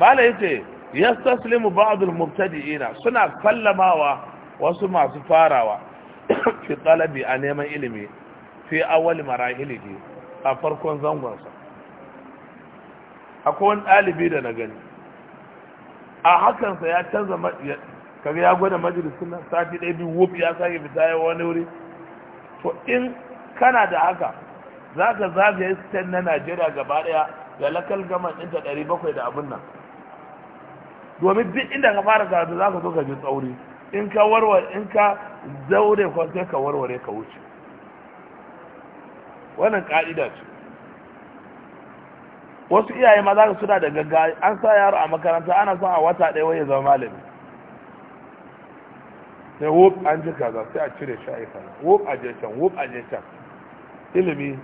malai ce ba'adul murtadi ina suna sallamawa wasu masu farawa fi talabi a neman ilimi fi awali marahilihi a farkon zangonsa akwai wani ɗalibi da na gani a hakansa ya canza kaga ya gwada majalisun nan sati ɗaya biyu wuf ya sake fita ya wani wuri to in kana da haka za ka zagaye na najeriya gaba ɗaya ga lakal gama ɗinta ɗari bakwai da abin nan domin duk inda ka fara karatu za ka zo ka ji tsauri in ka warware in ka zaure ko sai ka warware ka wuce wannan ka'ida ce wasu iyaye ma za ka suna da gaggawa an sa yaro a makaranta ana son a wata ɗaya wai ya zama malami sai wop an ji kaza sai a cire shi a yi kaza wop a je can wop a je can ilimi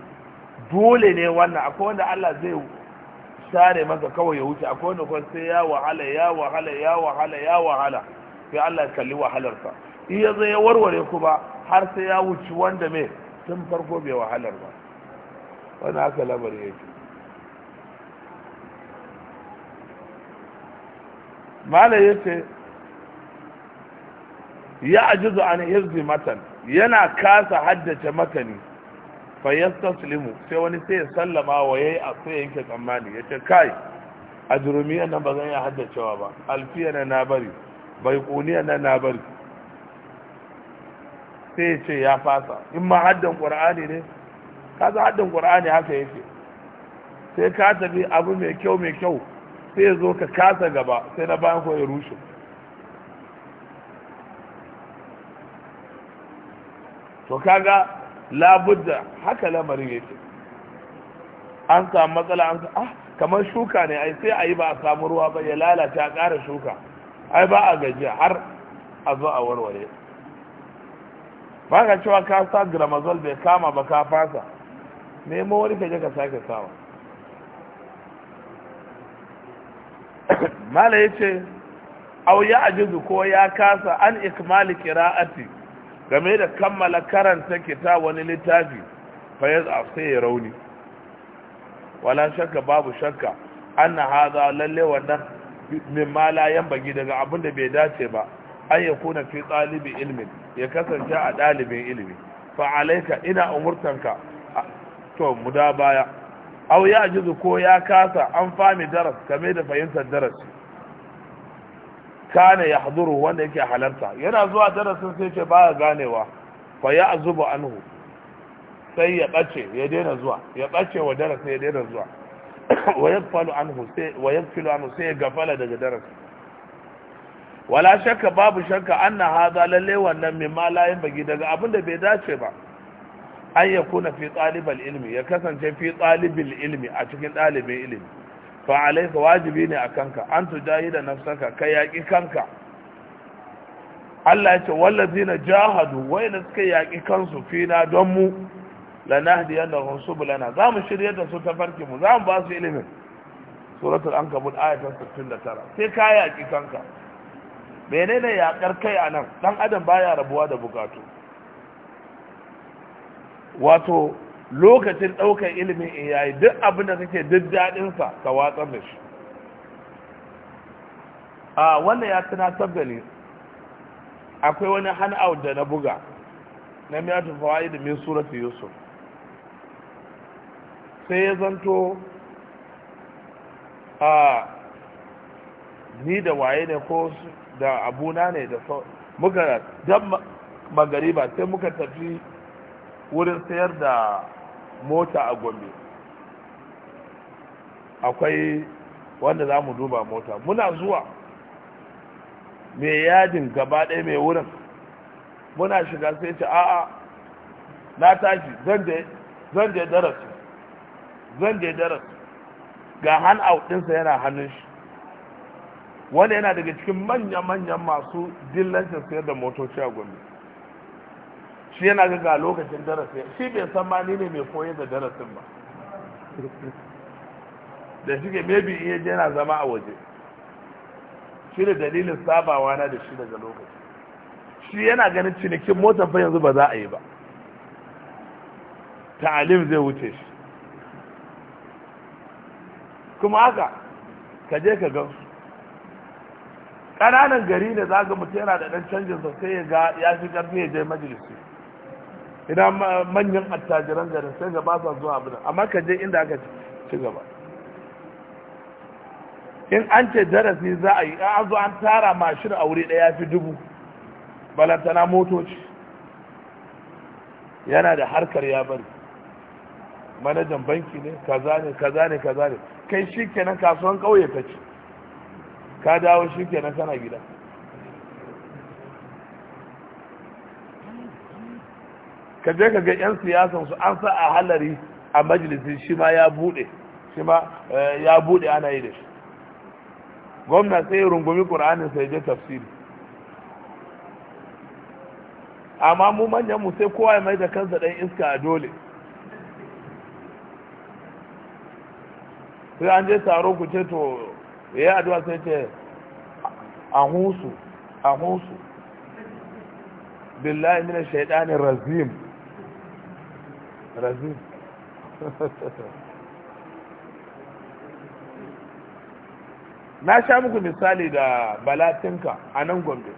dole ne wannan akwai wanda Allah zai share masa kawai ya wuce akwai wanda kuma sai ya wahala ya wahala ya wahala ya wahala sai Allah ya kalli wahalarsa in ya zai ya warware ku ba har sai ya wuci wanda mai tun farko bai wahalar ba wani haka labar yake malai ya ce ya ajizu an hizbi matan yana kasa haddace matani fa yastaslimu sai wani sai ya sallama wa yayi a sai yanke tsammani yace kai a jurumiyan nan ba zan iya haddacewa ba alfiyana na bari bai kuniya nan na bari sai ce ya fasa in ma haddan qur'ani ne ka za haddan qur'ani haka yake sai ka tafi abu mai kyau mai kyau sai ya zo ka kasa gaba sai na bayan ko ya rushe to kaga labudda haka lamarin yake an samu matsala an ah kamar shuka ne ai sai a yi ba a samu ruwa ba ya lalata ƙara shuka ai ba a gajiya har a zo a warware ba ka cewa ka sa gramazol bai kama ba ka fasa nemo wani ka je ka sake sawa mala ya ce au ya ajizu ko ya kasa an ikmali kira'ati game da kammala karanta kita wani littafi fayyaz a sai ya rauni wala shakka babu shakka an na haza lalle wannan mimma la yanbaghi daga abin da bai dace ba an ya kuna fi ɗalibi ilmin ya kasance a ɗalibin ilimi fa alaika ina umurtanka to mu baya aw ya jizu ko ya kasa an fami daras kame da fahimtar darasi kana ya haduru wanda yake halarta yana zuwa darasin sai ce baya ganewa fa ya azubu anhu sai ya ɓace ya daina zuwa ya ɓace wa darasin ya daina zuwa wa yadfalu anhu sai wa yadfalu anhu daga daras. wala shakka babu shakka anna haza lallai wannan mimma la bagi daga bai dace ba an ya kuna fi ɗalibar ilmi ya kasance fi ɗalibin ilmi a cikin ɗalibin ilimi fa alaika wajibi ne a kanka an tujahi da nafsaka ka yaƙi kanka Allah ya ce wallazi na jahadu wai suka yaƙi kansu fina don mu lanahdiyannahum subulana za mu shirya da su ta farki mu za mu ba su ilimin suratul ankabut ayat 69 sai ka yaƙi kanka menene kar kai a nan adam baya rabuwa da bukatu wato lokacin daukar ilimin in yayi duk abin da kake duk dadin sa ka watsar da shi a wannan ya tunatar da ni akwai wani hanau da na buga na miyatu fawaid min surati yusuf sai ya zanto a ni da waye ne ko da abuna ne da sau muka dan magariba sai muka tafi wurin sayar da mota a gombe akwai wanda za mu duba mota muna zuwa mai yajin gaba ɗaya mai wurin muna shiga sai ce a'a na tashi zan je darasi zan je daras ga hand out yana hannun shi wanda yana daga cikin manya-manyan masu dillancin sayar da motoci a gombe shi yana ga ga lokacin darasi shi bai san ma ni ne mai koyar da darasin ba da shi ke mebi iya je yana zama a waje shi da dalilin sabawa na da shi daga lokaci shi yana ganin cinikin motar fa yanzu ba za a yi ba ta'alim zai wuce shi kuma haka ka je ka gan su ƙananan gari ne za ga mutum yana da ɗan canjin sosai sai ya ga ya fi ƙarfi ya je majalisi ina manyan attajiran garin sai ga ba sa zuwa abin amma ka je inda aka ci gaba in an ce darasi za a yi an zo an tara mashin a wuri ɗaya fi dubu balantana motoci yana da harkar ya bari manajan banki ne kaza ne kaza ne kaza ne kai shi kenan kasuwan ƙauye ta ci ka dawo shi kenan kana gida ka je ka ga 'yan siyasan su an sa a halari a majalisin shi ma ya bude shi ma eh, ya bude ana yi da shi gwamna sai rungumi ƙur'anin sai je tafsiri amma mu manyan mu sai kowa ya mai da kansa ɗan iska a dole sai an je taro ku ce to ya addu'a sai ce a husu a husu billahi mina shaidani razim razim na sha muku misali da balatinka a nan gombe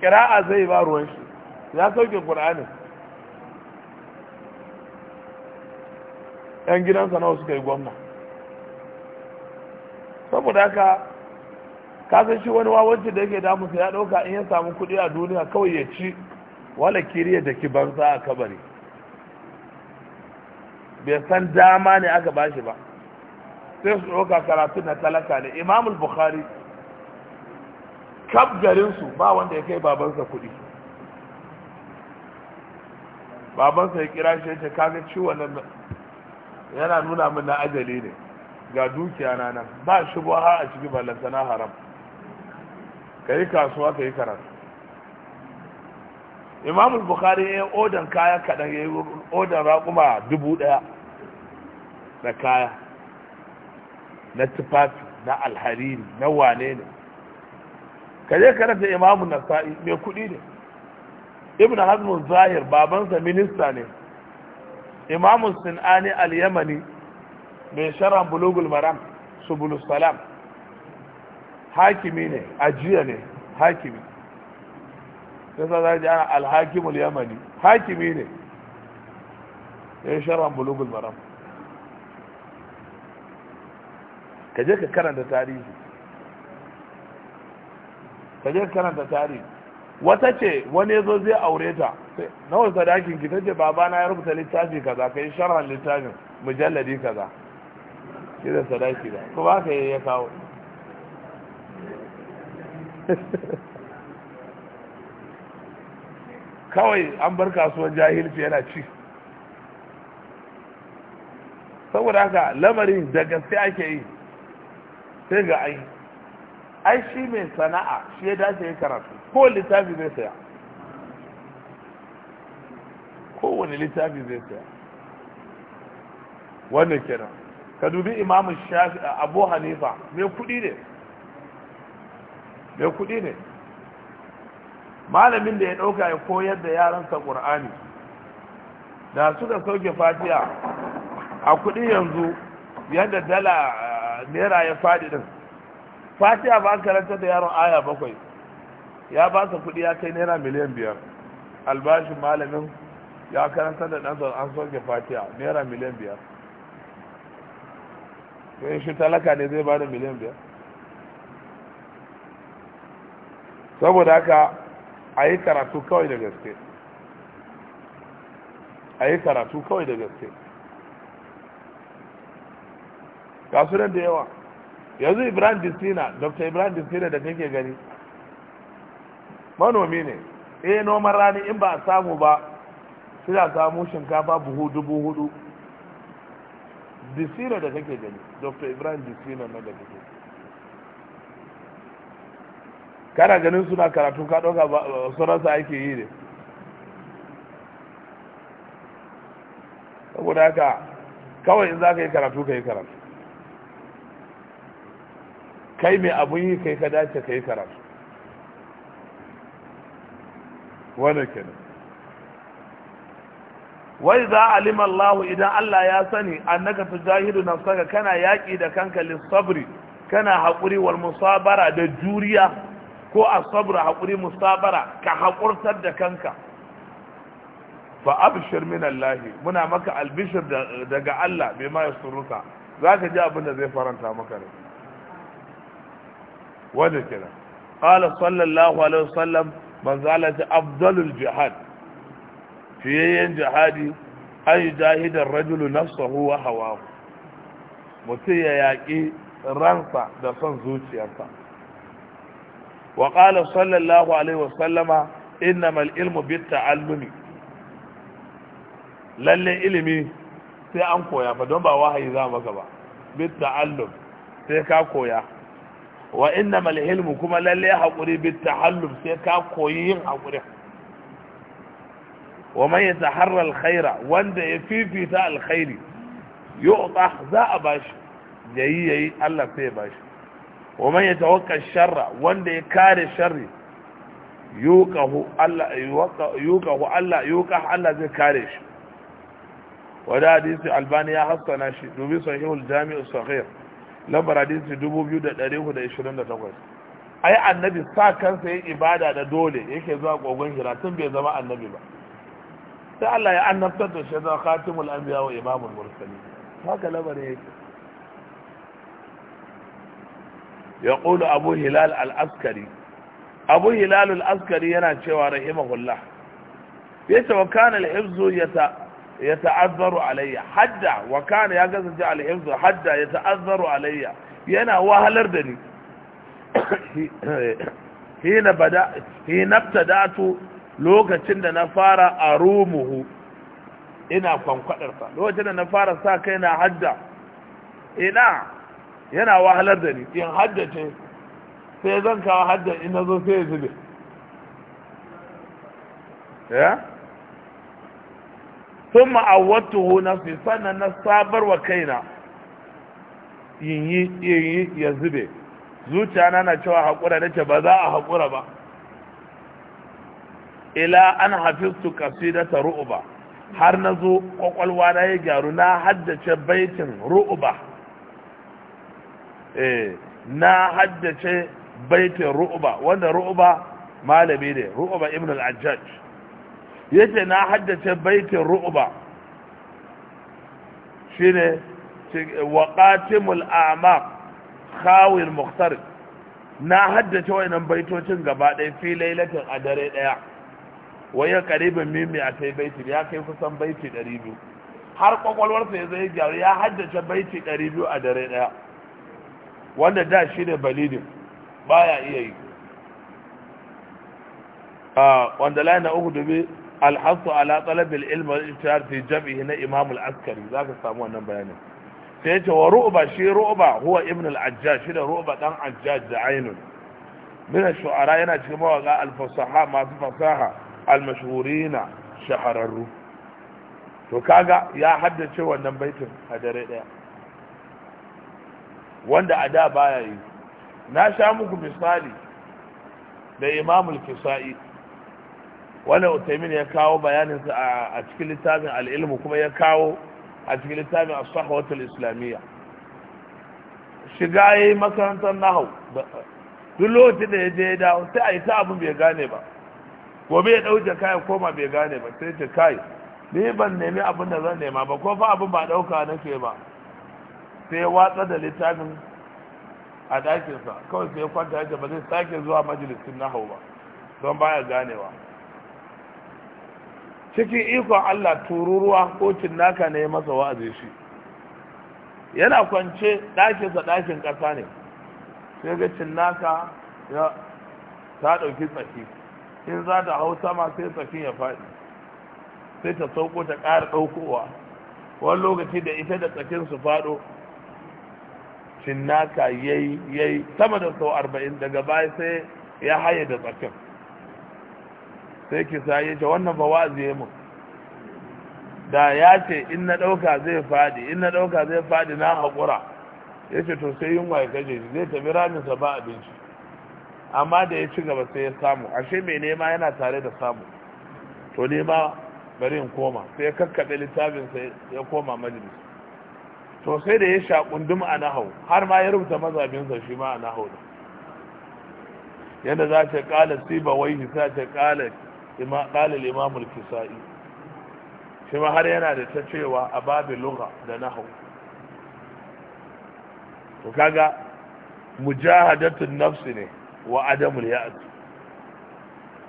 kira'a zai ba ruwan shi ya sauke ƙur'anin 'yan gidansa nawa suka yi gwamna saboda haka kasan shi wani wawancin da yake damu sai ya ɗauka in ya samu kuɗi a duniya kawai ya ci wala kiriya da ki banza a kabari bai san dama ne aka bashi ba sai su ɗauka karatu na talaka ne imamul bukhari kaf garinsu ba wanda ya kai babansa kuɗi babansa ya kira shi ya ce kaga ciwon nan yana nuna min na ajali ne ga dukiya na nan ba shi ha a ciki ballanta na haram ka yi kasuwa ka yi karatu imamul bukhari ya yi odan kaya kaɗan ya yi odan raƙuma dubu ɗaya na kaya na tufafi na alhariri na wane ne ka je karanta imamun nasa'i mai kuɗi ne ibn hazmun zahir babansa minista ne imamu sin'ani al-yamani mai sharan bulugul maram subulus salam hakimi ne ajiya hakimi yasa za ji ana alhakimul yamani hakimi ne ya sharan bulugul maram ka ka karanta tarihi wata ce wani ya zo zai aure ta nawa sadakin ki tace baba na ya rubuta littafi kaza kai sharhan littafin mujalladi kaza ki da sadaki da ko ba ka ya kawo kawai an bar kasuwan jahilci yana ci saboda haka lamarin da gaske ake yi sai ga ai ai shi mai sana'a shi ya dace ya karatu kowane littafi zai saya kowane littafi zai saya wannan kenan ka dubi imamu shafi abu hanifa mai kudi ne mai kudi ne malamin da ya dauka ya koyar da yaransa Kur'ani da suka sauke Fatiya a kudi yanzu yadda dala eh, naira ya fadi din Fatiya ba karanta da yaron aya bakwai ya ba su kuɗi ya kai naira miliyan biyar albashin malamin ya karanta da ɗansa an soke fatiya naira miliyan biyar to shi talaka ne zai ba da miliyan biyar saboda haka a yi karatu kawai da gaske a yi karatu kawai da gaske kasu da yawa yanzu ibrahim distina dr ibrahim distina da kake gani manomi ne eh noman rani in ba a samu ba sai da samu shinkafa buhu dubu hudu disina da kake gani dr ibrahim disina na da kake kana ganin suna karatu ka ɗauka sunansa ake yi ne saboda haka kawai in za ka yi karatu ka yi karatu kai mai abun yi kai ka dace ka yi karatu wannan kenan wai za alima Allah idan Allah ya sani annaka tujahidu nafsaka kana yaƙi da kanka lissabri kana haƙuri wal musabara da juriya ko sabra haƙuri musabara ka haƙurtar da kanka fa abshir min Allah muna maka albishir daga Allah bai ma za zaka ji abin da zai faranta maka rai wanda kira qala sallallahu alaihi wasallam manzo Allah jihad fiyayyen jihadi an yi jahidar rajulu nafsahu wa mutum ya yaƙi ransa da son zuciyarsa wa qala sallallahu alaihi wa sallama innamal ilmu bit ta'allumi lalle ilimi sai an koya fa don ba wahayi za maka ba bit ta'allum sai ka koya wa inna mal hilmu kuma lalle hakuri bi tahallum sai ka koyi yin hakuri wa man yataharra alkhaira wanda ya fifita alkhairi yu'ta za a bashi yayi yayi Allah sai ya bashi wa man yatawakka sharra wanda ya kare sharri yuqahu Allah yuqahu Allah yuqah Allah zai kare shi wa da hadisi albani ya haskana shi dubi sahihul jami'u saghir lambar hadisi dubu biyu da ɗari hudu da ishirin da takwas ai annabi sa kansa yin ibada da dole yake zuwa kogon hira tun bai zama annabi ba sai Allah ya annabtar da shi zama khatimul anbiya wa imamul mursalin haka lamarin yake يقول أبو هلال العسكري أبو هلال العسكري ينا شوى رحمه الله يتوكان الحفظ يتأ ya ta'azzaru alayya hadda wa kana ya kasance alhifzu hadda ya ta'azzaru alayya yana wahalar da ni hina bada hina btadatu lokacin da na fara arumuhu ina kwankwadar sa lokacin da na fara sa kai na hadda ina yana wahalar da ni in haddace sai zan kawo hadda ina zo sai zube ya sun ma'awattuhu nafsi sannan na sabar wa kaina yin yi ya zube zuciya na na cewa haƙura nake ba za a haƙura ba ila an da ta ru'ba har na zo kwakwalwa na yi gyaru na haddace baitin ru'ba eh, na haddace baitin ru'ba wanda ru'ba malami ne ru'uba ibn al-ajjaj yace na haddace baitin ru'ba shine wa qatimul a'maq khawil Muxtar na haddace wayannan baitocin gaba ɗaya fi lailatin a dare ɗaya waya ƙaribin mimi a kai baiti ya kai kusan baiti 200 har kwakwalwarsa ya zai gyaru ya haddace baiti 200 a dare ɗaya wanda da shi ne balidin baya iya yi ah, wanda layi uku dubi alhasu ala talabil ilmi wal ijtihad fi jam'i na imam al-askari zaka samu wannan bayanin sai yace wa ru'ba shi ru'ba huwa ibn al-ajjaj shi da ru'ba dan ajjaj da ainun min ash-shu'ara yana cikin mawaka al-fasaha masu fasaha al-mashhurina shahararru to kaga ya haddace wannan baitin a dare daya wanda a da baya yi na sha muku misali da imam al-kisa'i wannan Utaimin ya kawo bayanin sa a cikin littafin al kuma ya kawo a cikin littafin as islamiyya shiga yi makarantar nahau duk lokacin da ya je ya sai a yi ta abin bai gane ba gobe ya ɗauke kayan koma bai gane ba sai ce kai ni ban nemi abin da zan nema ba ko fa abin ba ɗauka nake ba sai ya watsa da littafin a ɗakinsa kawai sai ya kwanta ya ba zai sake zuwa majalisin nahau ba don baya ganewa cikin ikon Allah tururuwa ko cinnaka ne masa wa'azi shi yana kwance ɗakinsa ɗakin ƙasa ne sai ga cinnaka ya ta ɗauki tsaki in za ta hau sama sai tsakin ya faɗi sai ta sauko ta ƙara ɗaukowa wani lokaci da ita da tsakin su faɗo cinnaka yayi yayi sama da sau arba'in daga baya sai ya haye da tsakin sai ki saye ta wannan ba wa ya mu da ya ce in na ɗauka zai faɗi in na ɗauka zai faɗi na haƙura ya ce to sai yunwa ya kaje shi zai tafi raminsa ba abinci amma da ya ci gaba sai ya samu ashe mai nema yana tare da samu to nema bari in koma sai ya kakkaɓe littafinsa ya koma majalis to sai da ya sha kundum a nahau har ma ya rubuta mazabinsa shi ma a nahau da yadda za ta kala siba wai ta ta kala ƙalil imamul kisa'i shi ma har yana da ta cewa a babu lugha da nahau to kaga mujahadatun nafsi ne wa adamul ya'at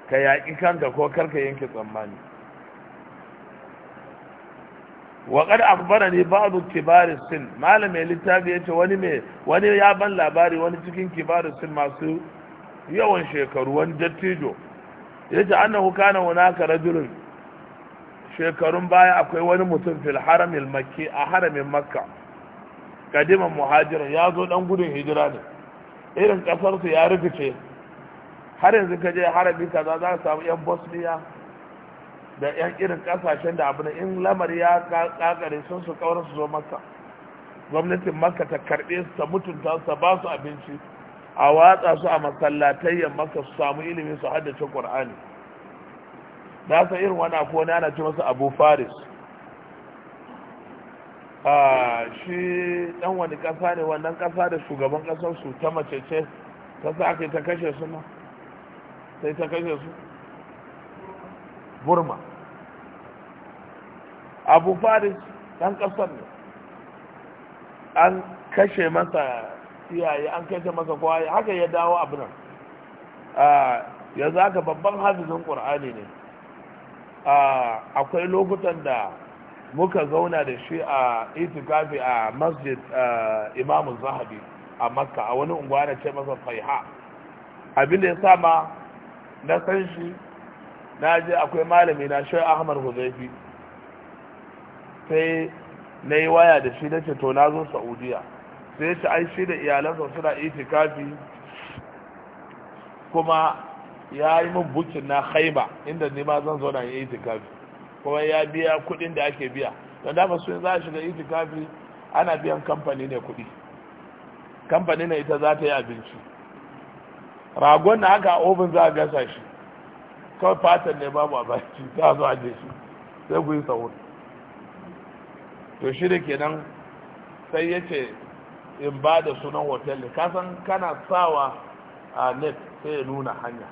ka yaƙi kanka ko karka yanke tsammani waƙar akbara ne babu kibarin sin malamin littafi yace wani me wani ya ban labari wani cikin kibarin sin masu yawan shekaru wani dattijo yace annahu kana hunaka rajulun shekarun baya akwai wani mutum fil haramin makki a haramin makka kadiman muhajirin ya zo dan gudun hijira ne irin kasarsu ya rikice har yanzu ka je harami kaza za ka samu yan bosniya da yan irin kasashen da abu in lamar ya kakare sun su kawar su zo makka gwamnatin makka ta karbe su ta mutunta su ta ba su abinci a watsa su a masallatai maka su samu ilimi su haddace qur'ani na san irin wani ko ne ana ce masa abu faris a shi dan wani kasa ne wannan kasa da shugaban kasar su ta mace ce ta sa kai ta kashe su ma sai ta kashe su burma abu faris dan kasar ne an kashe masa tsiyaye an kai ta masa kwaye haka ya dawo abin nan ya zaka babban hafizin ƙur'ani ne akwai lokutan da muka zauna da shi a itikafi a masjid imamu zahabi a makka a wani unguwa da ce masa faiha abin da ya sama na san shi na je akwai malami na shi ahmar huzaifi sai na yi waya da shi na ce to na zo saudiya sai ta ai da iyalansa suna itikafi kuma ya yi min bukin na haiba inda ni ma zan zo na yi itikafi kuma ya biya kuɗin da ake biya don dama su za a shiga itikafi ana biyan kamfani ne kuɗi kamfani ne ita za ta yi abinci ragon na haka a obin za a gasa shi kawai fatan ne babu abinci ta zo je shi sai ku yi sauri to shi da kenan sai ya ce in ba da sunan hotel ne kasan kana sawa a net sai ya nuna hanya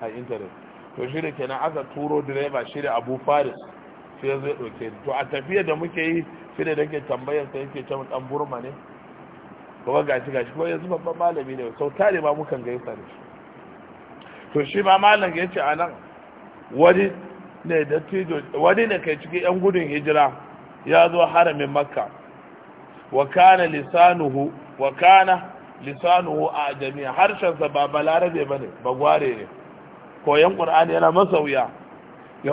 a intanet to shi da kenan aka turo direba shi da abu faris sai zai ɗauke to a tafiya da muke yi shi da nake tambayar sai yake can dan burma ne kuma ga shi kuma yanzu babban malami ne sau tare ba mukan gaisa da shi to shi ma malam ya ce a nan wani ne da wani ne kai cikin yan gudun hijira ya zo haramin makka wa kana lisanuhu wa kana lisanuhu a jami'a harshensa ba balarabe ba ne ba gware ne koyon ƙur'ani yana masa ya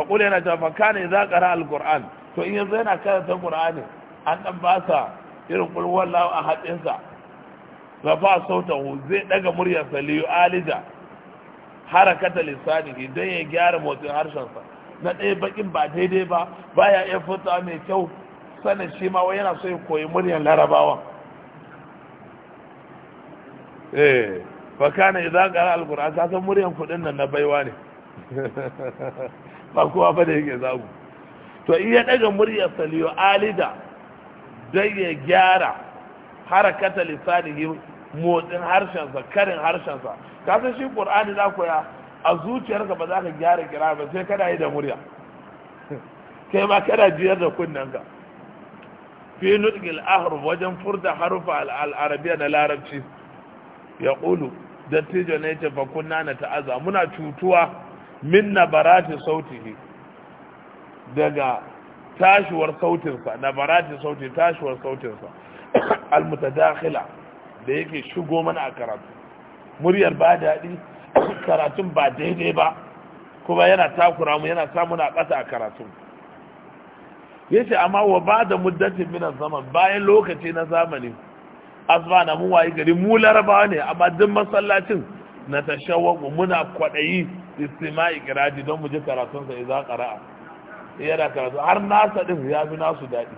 ƙule yana cewa kana za ƙara alƙur'an to in yanzu yana karanta ƙur'ani an ɗan basa irin ƙulwar lawa a haɗinsa rafa sautahu zai ɗaga muryarsa liyu alida harakata lisanihi idan ya gyara motsin harshensa na ɗaya baƙin ba daidai ba baya iya furta mai kyau sanin shi ma wai yana so ya koyi muryan larabawan eh fa kana idza qara alquran ka san muryan kudin nan na baiwa ne ba kowa ba da yake zagu to iya daga muryar saliyo alida dai ya gyara harakata lisanihi motsin harshensa karin harshensa ka san shi qur'ani za koya a zuciyarka ba za ka gyara kira ba sai kada yi da murya kai ma kada jiyar da ka fi nutqil wajen furda harufa al-arabiyya na larabci ya qulu dattijo ne ce fa na ta'aza muna cutuwa min nabarati sautihi daga tashuwar sautinsa nabarati sauti tashuwar sautinsa al-mutadakhila da yake shigo mana a karatu muryar ba daɗi karatun ba daidai ba kuma yana takura mu yana sa na ƙasa a karatun yace amma wa ba da muddatin min zaman bayan lokaci na zamani azbana mu wayi gari mu larabawa ne amma duk masallacin na tashawwaku muna kwadayi istima'i kiradi don mu ji karatun sa idza qara'a yana karatu har nasa din ya fi nasu dadi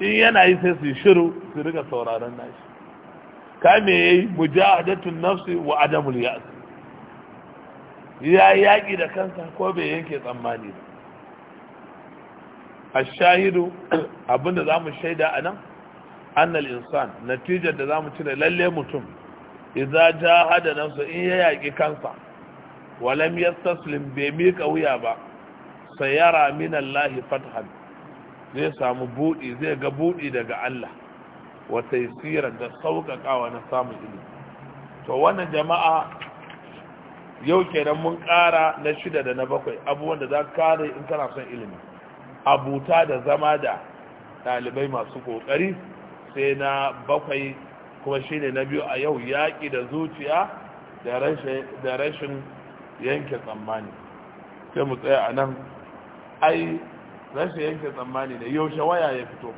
in yana yi sai su shiru su riga sauraron nashi kame yayi mujahadatun nafsi wa adamul ya'si ya yaki da kansa ko bai yanke tsammani ba ashahidu abinda zamu shaida a nan annal insan natijar da za zamu cire lalle mutum idza jahada nafsa in ya yaki kansa walam yastaslim bai mika wuya ba sayara min Allah fathan zai samu budi zai ga budi daga Allah wa taysira da sauƙaƙawa na samun ilimi to wannan jama'a yau kenan mun ƙara na shida da na bakwai abubuwan da za ka kare in kana son ilimi abuta da zama da ɗalibai masu ƙoƙari sai na bakwai kuma shi ne na biyu a yau yaƙi da zuciya da rashin yanke tsammani sai mu tsaya a nan ai rashin yanke tsammani da yaushe waya ya fito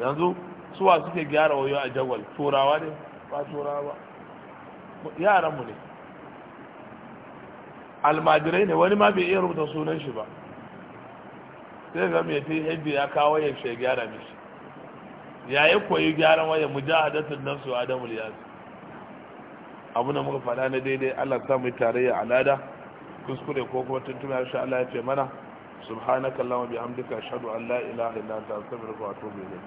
yanzu suwa suke gyara wayo a jagwal turawa ne ba turawa ba yaranmu ne almajirai ne wani ma bai iya rubuta sunan shi ba sai ga mai fi hibbi ya kawo ya shi gyara mishi ya yi koyi gyaran waya mu mujahadatun nan su adamu su abu da muka faɗa na daidai allah ta mu tarayya alada kuskure ko kuma tuntuna shi allah ya ce mana wa bihamdika shaɗu an la ilaha illa anta astaghfiruka wa atubu